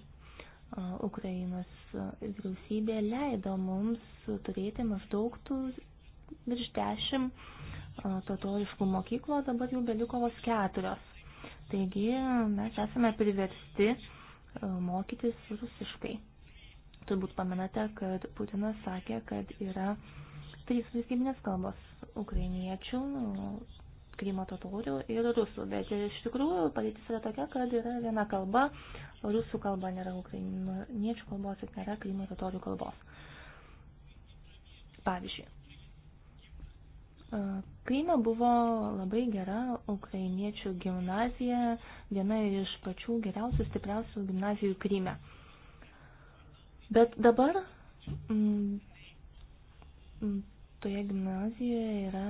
Ukrainos vyriausybė leido mums turėti maždaug virš 10 totoriškų mokyklų, dabar jau beliko vos keturios. Taigi mes esame priversti mokytis rusiškai. Turbūt pamenate, kad Putinas sakė, kad yra trys valstybinės kalbos - ukrainiečių, krymo totorių ir rusų. Bet iš tikrųjų padėtis yra tokia, kad yra viena kalba, rusų kalba nėra ukrainiečių kalbos ir nėra krymo totorių kalbos. Pavyzdžiui, Kaime buvo labai gera ukrainiečių gimnazija, viena iš pačių geriausių, stipriausių gimnazijų Kryme. Bet dabar mm, mm, toje gimnazijoje yra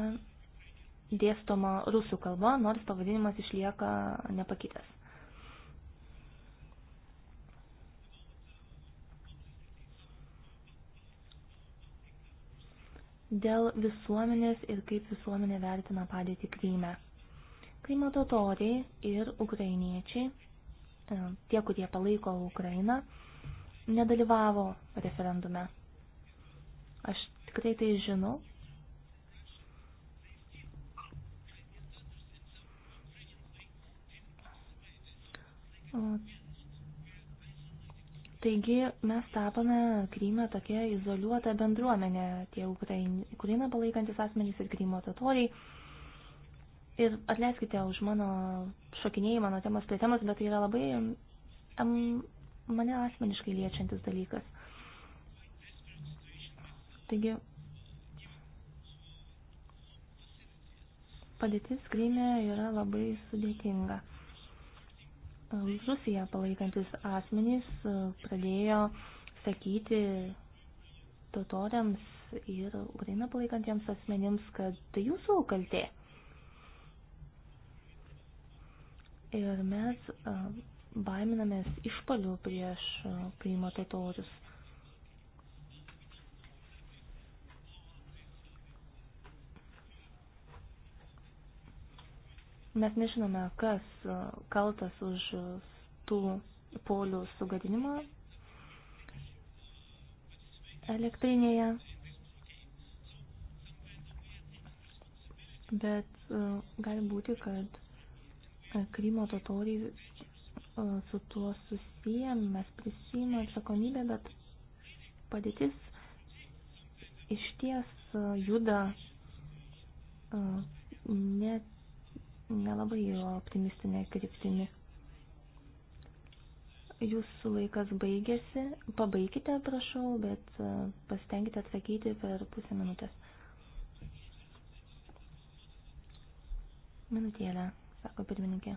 dėstoma rusų kalba, nors pavadinimas išlieka nepakitęs. dėl visuomenės ir kaip visuomenė vertina padėtį Kryme. Krymo totoriai ir ukrainiečiai, e, tie, kurie palaiko Ukrainą, nedalyvavo referendume. Aš tikrai tai žinau. O, Taigi mes tapome Kryme tokia izoliuota bendruomenė, tie Ukrainą palaikantis asmenys ir Krymo totoriai. Ir atleiskite už mano šokinėjimą nuo temos prie temos, bet tai yra labai am, mane asmeniškai liečiantis dalykas. Taigi, padėtis Kryme yra labai sudėtinga. Um, Rusiją palaikantis asmenys uh, pradėjo sakyti totoriams ir Ukrainą palaikantiems asmenims, kad tai jūsų kaltė. Ir mes uh, baiminamės išpalių prieš uh, Krymo totorius. Mes nežinome, kas e, kaltas už tų polių sugadinimą elektrinėje, bet e, gali būti, kad e, Krymo totoriai su tuo susiję, mes prisijimą atsakomybę, bet padėtis iš ties juda net nelabai optimistinė kryptimi. Jūsų laikas baigėsi. Pabaikite, prašau, bet e, pasitengite atsakyti per pusę minutės. Minutėlę, sako pirmininkė.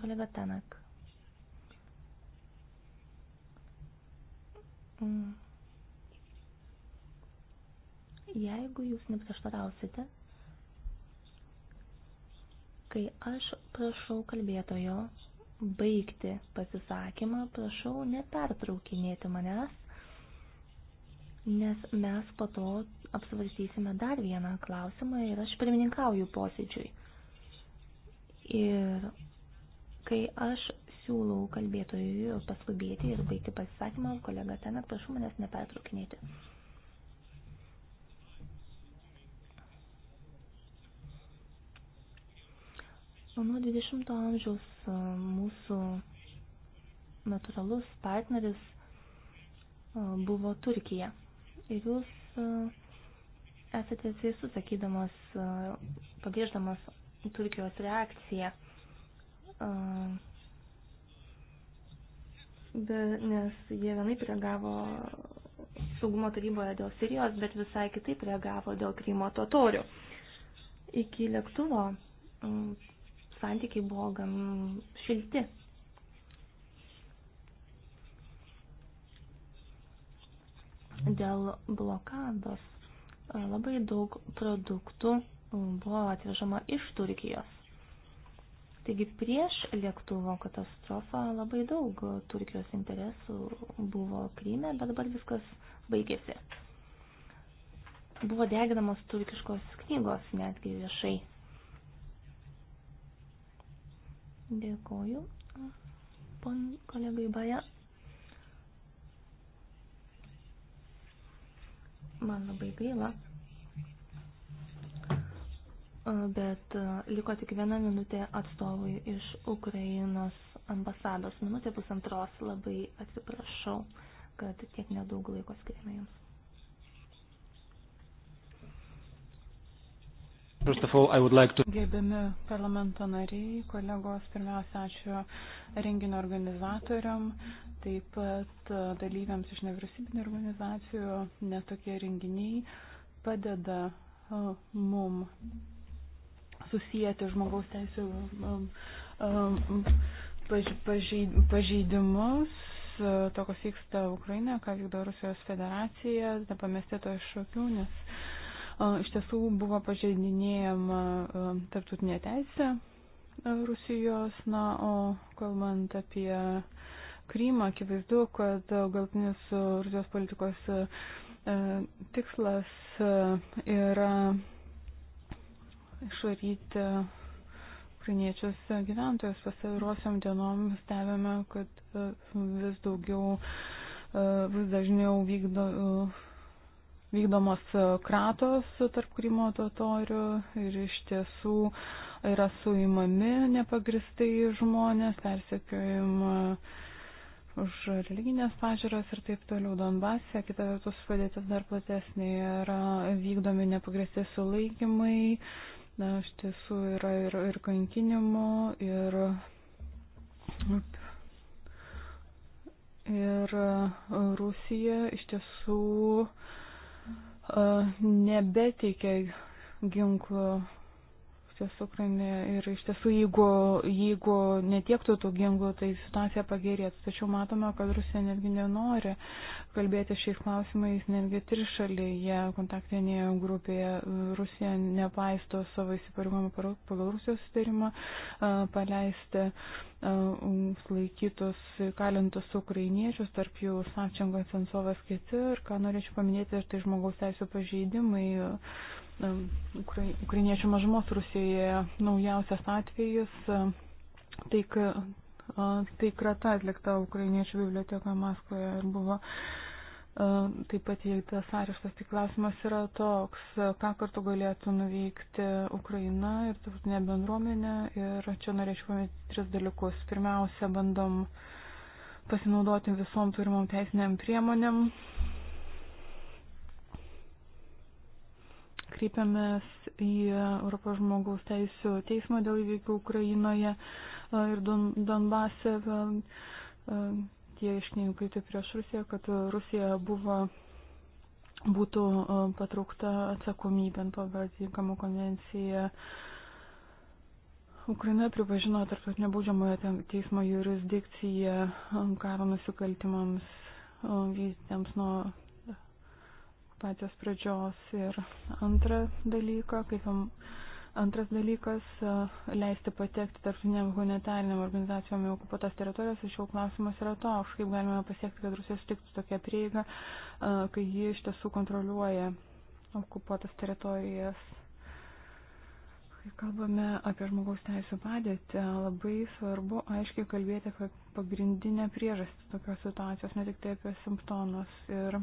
Kolega Tanak. Mm. Jeigu jūs neprieštarausite, kai aš prašau kalbėtojo baigti pasisakymą, prašau nepertraukinėti manęs, nes mes po to apsvarstysime dar vieną klausimą ir aš pirmininkauju posėdžiui. Ir kai aš siūlau kalbėtojui paskubėti ir baigti pasisakymą, kolega ten, prašau manęs nepertraukinėti. O nuo 20 amžiaus e, mūsų natūralus partneris e, buvo Turkija. Ir jūs e, esate teisus, sakydamas, pabrėždamas Turkijos reakciją. Be, nes jie vienaip reagavo saugumo taryboje dėl Sirijos, bet visai kitaip reagavo dėl Krymo totorių. Iki lėktuvo santykiai buvo gan šilti. Dėl blokados e, labai daug produktų e, buvo atvežama iš Turkijos. Taigi prieš lėktuvo katastrofą labai daug Turkijos interesų buvo Kryme, bet dabar viskas baigėsi. Buvo deginamos turkiškos knygos netgi viešai. Dėkoju, pon kolegai Baja. Man labai gaila, bet liko tik viena minutė atstovui iš Ukrainos ambasados. Minutė pusantros, labai atsiprašau, kad tiek nedaug laiko skiriame jums. All, like to... Gerbiami parlamento nariai, kolegos, pirmiausia, ačiū renginio organizatoriam, taip pat dalyviams iš nevyriausybinio organizacijų, netokie renginiai padeda mum susijęti žmogaus teisų pažeidimus to, kas vyksta Ukrainoje, ką vykdo Rusijos federacija, nepamestėto iššūkių, nes iš tiesų buvo pažeidinėjama tarptautinė teisė Rusijos, na, o kalbant apie Krymą, akivaizdu, kad galtinis Rusijos politikos e, tikslas e, yra išvaryti ukrainiečius gyventojus. Pasirosiam dienom stebime, kad e, vis daugiau, vis dažniau vykdo vykdomos e, kratos tarp Krymo totorių ir iš tiesų yra suimami nepagristai žmonės, persekiojama už religinės pažiūros ir taip toliau Donbase, kita vertus padėtis dar platesnė yra vykdomi nepagristai sulaikymai, na, iš tiesų yra ir, ir kankinimo, ir. Ir Rusija iš tiesų uh, nebeteikia ginklų situacija su Ukraina ir iš tiesų, jeigu, jeigu netiektų tų ginklų, tai situacija pagerėtų. Tačiau matome, kad Rusija netgi nenori kalbėti šiais klausimais, netgi trišalyje kontaktinėje grupėje Rusija nepaisto savo įsipareigojimą pagal Rusijos sutarimą paleisti sulaikytus kalintus ukrainiečius, tarp jų Savčenko Sensovas kiti ir ką norėčiau paminėti, ir tai žmogaus teisų pažeidimai ukrainiečių mažumos Rusijoje naujausias atvejis. Tai, tai krata atlikta ukrainiečių biblioteka Maskvoje ir buvo taip pat jei tas areštas, tai klausimas yra toks, ką kartu galėtų nuveikti Ukraina ir tautinė bendruomenė. Ir čia norėčiau paminėti tris dalykus. Pirmiausia, bandom pasinaudoti visom turimom teisiniam priemonėm, kreipiamės į Europos žmogaus teisų teismą dėl įvykių Ukrainoje e, ir Donbase. E, e, tie ieškiniai nukreipti prieš Rusiją, kad Rusija buvo būtų patraukta atsakomybė pagal tinkamą konvenciją. Ukraina pripažino tarptautinio baudžiamojo teismo jurisdikciją karo nusikaltimams vykdytiems nuo pačios pradžios. Ir antrą dalyką, kaip antras dalykas, leisti patekti tarptautiniam humanitariniam organizacijom į okupuotas teritorijas. Ir šiau klausimas yra toks, kaip galime pasiekti, kad Rusija sutiktų tokią prieigą, kai ji iš tiesų kontroliuoja okupuotas teritorijas. Kai kalbame apie žmogaus teisų padėtį, labai svarbu aiškiai kalbėti apie pagrindinę priežastį tokios situacijos, ne tik tai apie simptomus. Ir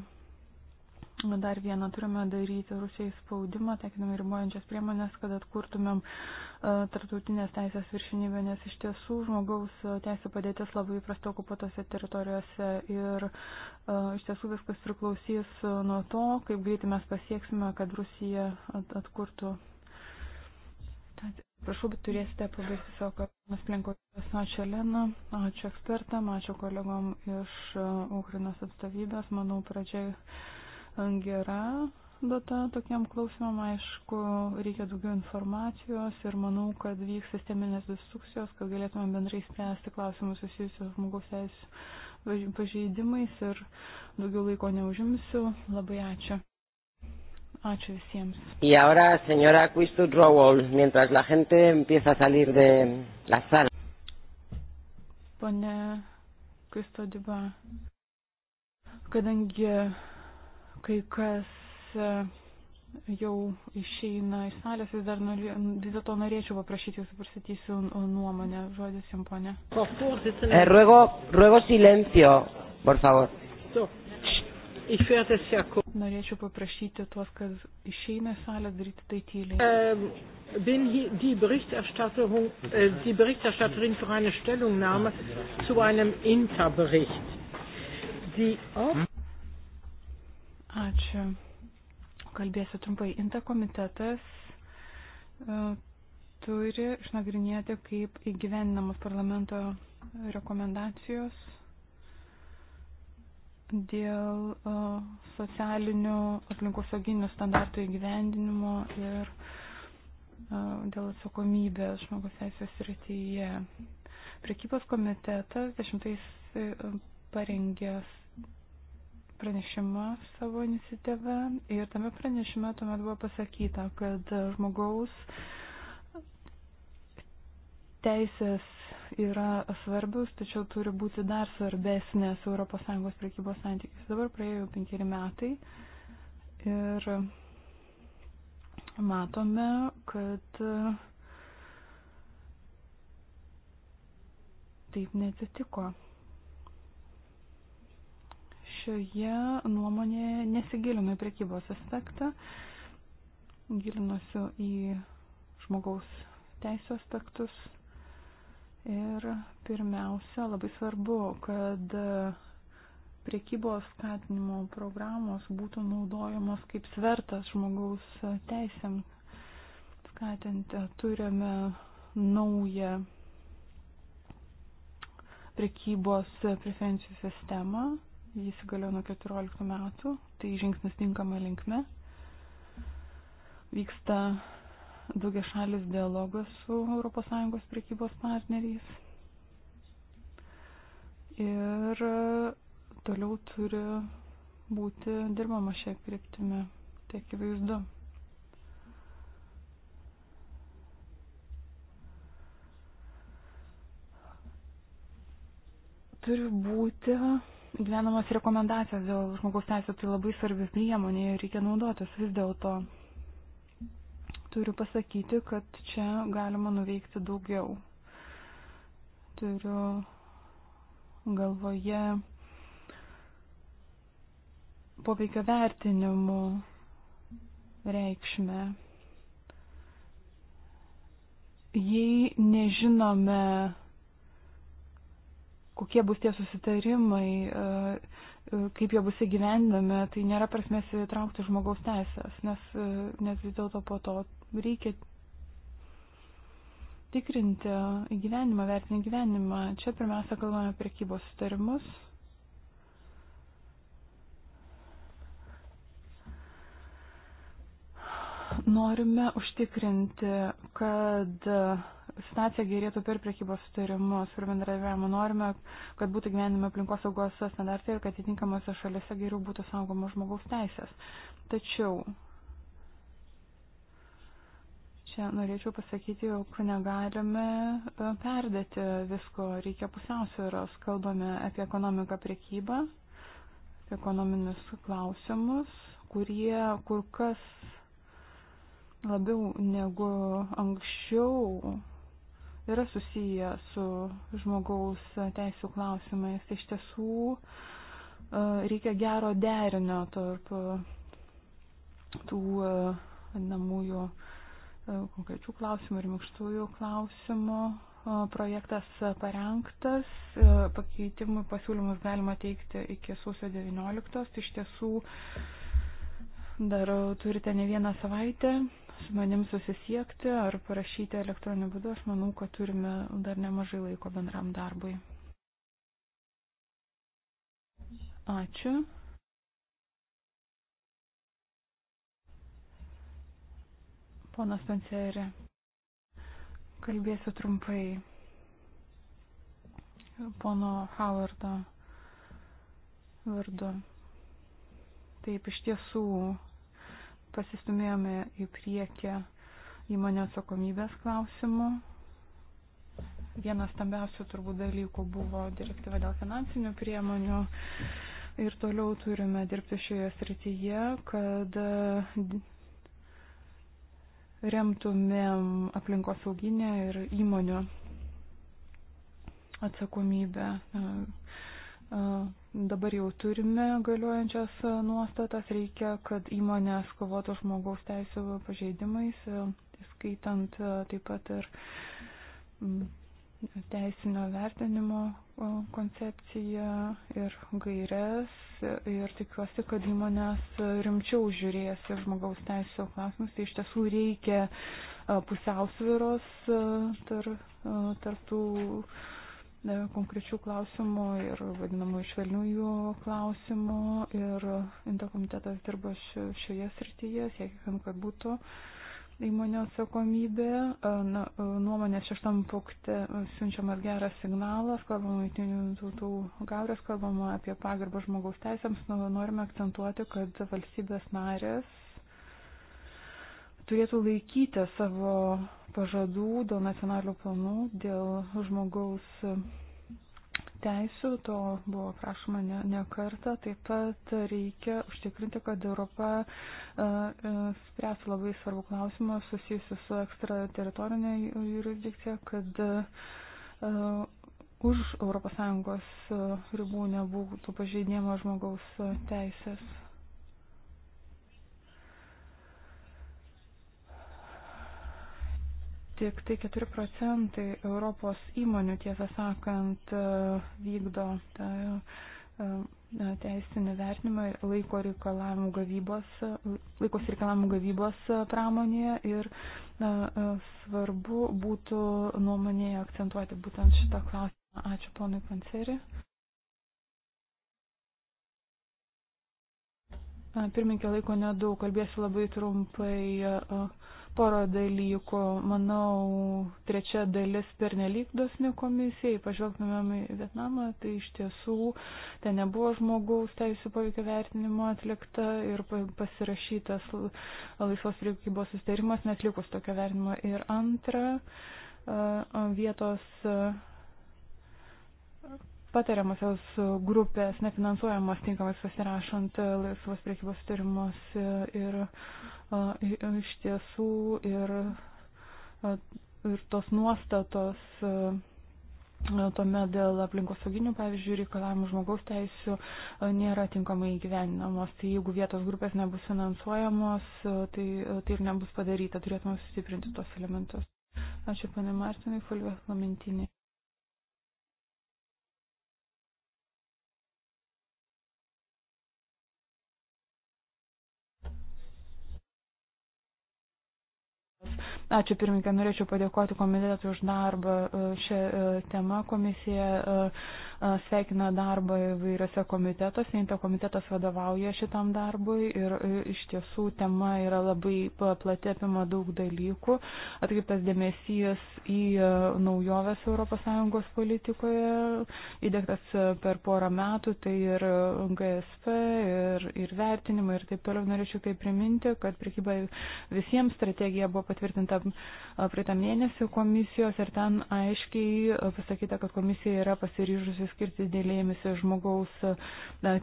Dar vieną turime daryti Rusijai spaudimą, tekinami ribojančias priemonės, kad atkurtumėm e, tarptautinės teisės viršinybę, nes iš tiesų žmogaus e, teisų padėtis labai prasta okupuotose teritorijose ir e, iš tiesų viskas priklausys nuo to, kaip greitai mes pasieksime, kad Rusija atkurtų. Prašau, bet turėsite pabaigti savo kalbą. Plenkotas, ačiū Elena, ačiū ekspertam, ačiū kolegom iš Ukrainos atstovybės. Manau, pradžiai gera data tokiam klausimam, aišku, reikia daugiau informacijos ir manau, kad vyks sisteminės diskusijos, kad galėtume bendrai spręsti klausimus susijusius žmogaus teisų pažeidimais ir daugiau laiko neužimsiu. Labai ačiū. Ačiū visiems. Y ahora, señora Quistud Rowell, mientras la gente empieza a salir de la sala. Pone Quistud Diba, kadangi kai kas e, jau išeina iš salės, vis dar norė, vis dėlto norėčiau paprašyti jūsų pristatysiu nuomonę. Žodis jums, ponė. Eh, ruego, ruego silencio, por favor. Norėčiau paprašyti tuos, kas išeina iš salės, daryti tai tyliai. Ähm, äh, die Berichterstatterin für eine Stellungnahme zu einem Interbericht. Die Auf Ačiū. Kalbėsiu trumpai. Inta komitetas e, turi išnagrinėti, kaip įgyveninamos parlamento rekomendacijos dėl e, socialinių aplinkosauginių standartų įgyvendinimo ir e, dėl atsakomybės žmogus teisės rytyje. Prekybos komitetas dešimtais parengęs pranešimą savo iniciatyvą ir tame pranešime tuomet buvo pasakyta, kad žmogaus teisės yra svarbius, tačiau turi būti dar svarbesnės ES priekybos santykius. Dabar praėjo penkeri metai ir matome, kad taip neatsitiko šioje nuomonėje nesigilinu į prekybos aspektą, gilinusiu į žmogaus teisų aspektus. Ir pirmiausia, labai svarbu, kad priekybos skatinimo programos būtų naudojamos kaip svertas žmogaus teisėm skatinti. Turime naują priekybos preferencijų sistemą, jis įgaliojo nuo 14 metų, tai žingsnis tinkama linkme. Vyksta daugia šalis dialogas su ES priekybos partneriais. Ir e, toliau turi būti dirbama šią kryptimį, tiek įvaizdu. Turi būti gyvenamos rekomendacijos dėl žmogaus teisų tai labai svarbi priemonė ir reikia naudotis vis dėlto. Turiu pasakyti, kad čia galima nuveikti daugiau. Turiu galvoje poveikio vertinimų reikšmę. Jei nežinome kokie bus tie susitarimai, e, e, kaip jie bus įgyvendami, tai nėra prasmės įtraukti žmogaus teisės, nes, e, nes vis dėlto po to reikia tikrinti įgyvenimą, vertinti gyvenimą. Čia pirmiausia kalbame apie prekybos sutarimus. Norime užtikrinti, kad uh, situacija gerėtų per priekybos sutarimus ir bendravimą. Norime, kad būtų gyvenime aplinkos saugos standartai ir kad atitinkamose šalise geriau būtų saugomos žmogaus teisės. Tačiau čia norėčiau pasakyti, jog negalime e, perdėti visko, reikia pusiausvėros. Kalbame apie ekonomiką priekybą, apie ekonominius klausimus, kurie kur kas labiau negu anksčiau yra susiję su žmogaus teisų klausimais. Tai iš tiesų e, reikia gero derinio tarp e, tų e, vadinamųjų konkrečių klausimų ir minkštųjų klausimų. Projektas parengtas, pakeitimų pasiūlymus galima teikti iki sausio 19. Tai iš tiesų dar turite ne vieną savaitę su manim susisiekti ar parašyti elektroniniu būdu, aš manau, kad turime dar nemažai laiko bendram darbui. Ačiū. Ponas Pancerė, kalbėsiu trumpai. Pono Howardo vardu. Taip, iš tiesų pasistumėjome į priekį įmonės atsakomybės klausimų. Vienas stambiausių turbūt dalykų buvo direktyva dėl finansinių priemonių. Ir toliau turime dirbti šioje srityje, kad remtumėm aplinkosauginę ir įmonių atsakomybę. Uh, Dabar jau turime galiojančias nuostatas, reikia, kad įmonės kovotų žmogaus teisų pažeidimais, skaitant taip pat ir teisinio vertinimo koncepciją ir gairias ir tikiuosi, kad įmonės rimčiau žiūrės į žmogaus teisų klausimus. Tai iš tiesų reikia pusiausviros tarp, tarp tų E, konkrečių klausimų ir vadinamų švelniųjų klausimų ir interkomitetas dirba šioje srityje, siekime, kad būtų įmonė atsakomybė. E, na, e, nuomonės šeštam punkte siunčiamas geras signalas, kalbama įtinių tautų gaurės, kalbama apie pagarbą žmogaus teisėms, nu, norime akcentuoti, kad valstybės narės turėtų laikyti savo pažadų, dėl nacionalių planų, dėl žmogaus teisų, to buvo prašoma ne, ne kartą. Taip pat reikia užtikrinti, kad Europa uh, e, e, spręs labai svarbų klausimą susijusiu su ekstrateritorinė jurisdikcija, kad uh, už ES ribų nebūtų pažeidinėjama žmogaus teisės. Tik tai 4 procentai Europos įmonių, tiesą sakant, vykdo tą e, e, teisinį vertinimą laiko reikalavimų gavybos, laikos reikalavimų gavybos pramonėje ir na, e, svarbu būtų nuomonėje akcentuoti būtent šitą klausimą. Ačiū ponui Panceri. Pirminkė laiko nedaug, kalbėsiu labai trumpai. Uh, porą dalykų. Manau, trečia dalis pernelyg dosni komisija, jei pažvelgtumėm į Vietnamą, tai iš tiesų ten nebuvo žmogaus teisų poveikio vertinimo atlikta ir pasirašytas laisvos priekybos sustarimas netlikus tokio vertinimo. Ir antra, vietos patariamosios grupės nefinansuojamos tinkamas pasirašant e, laisvos priekybos sutarimus e, ir iš tiesų ir, ir tos nuostatos e, tuomet dėl aplinkosauginių, pavyzdžiui, reikalavimų žmogaus teisų nėra tinkamai įgyveninamos. Tai jeigu vietos grupės nebus finansuojamos, tai, tai ir nebus padaryta, turėtume sustiprinti tos elementus. Ačiū, pane Martinai, Fulvė Lamentinė. Ačiū pirmininkė, norėčiau padėkoti komitetui už darbą e, šią e, temą. Komisija e, sveikina darbą įvairiose komitetuose, Inte komitetas vadovauja šitam darbui ir e, iš tiesų tema yra labai plati, apima daug dalykų, atkreiptas dėmesys į e, naujoves ES politikoje, įdėktas e, per porą metų, tai ir GSP, ir, ir vertinimai ir taip toliau. Norėčiau tai priminti, kad prekyba visiems strategija buvo patvirtinta praeitą mėnesį komisijos ir ten aiškiai pasakyta, kad komisija yra pasiryžusi turi skirti dėlėmėsi žmogaus e,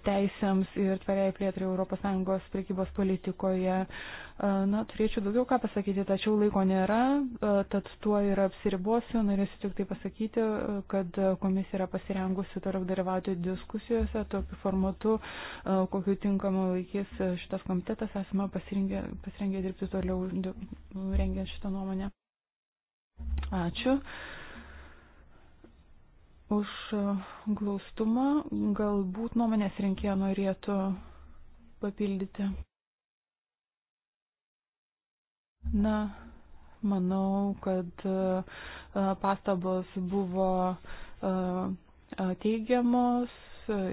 teisėms ir tvariai plėtrai ES prekybos politikoje. E, na, turėčiau daugiau ką pasakyti, tačiau laiko nėra, e, tad tuo ir apsiribosiu. Norėsiu tik tai pasakyti, kad komisija yra pasirengusi toliau dalyvauti diskusijose tokiu formatu, kokiu tinkamu laikys šitas komitetas. Esame pasirengę, pasirengę dirbti toliau rengiant šitą nuomonę. Ačiū už glaustumą. Galbūt nuomonės rinkėjo norėtų papildyti. Na, manau, kad e, pastabos buvo e, e, teigiamos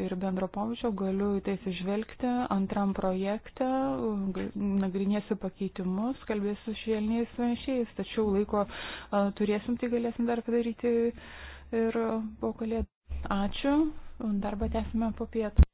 ir bendro pamžio galiu į tai sižvelgti. Antram projekte nagrinėsiu pakeitimus, kalbėsiu švelniais panašiais, tačiau laiko turėsim, tai galėsim dar padaryti ir po kalėdų. Ačiū, darbą tęsime po pietų.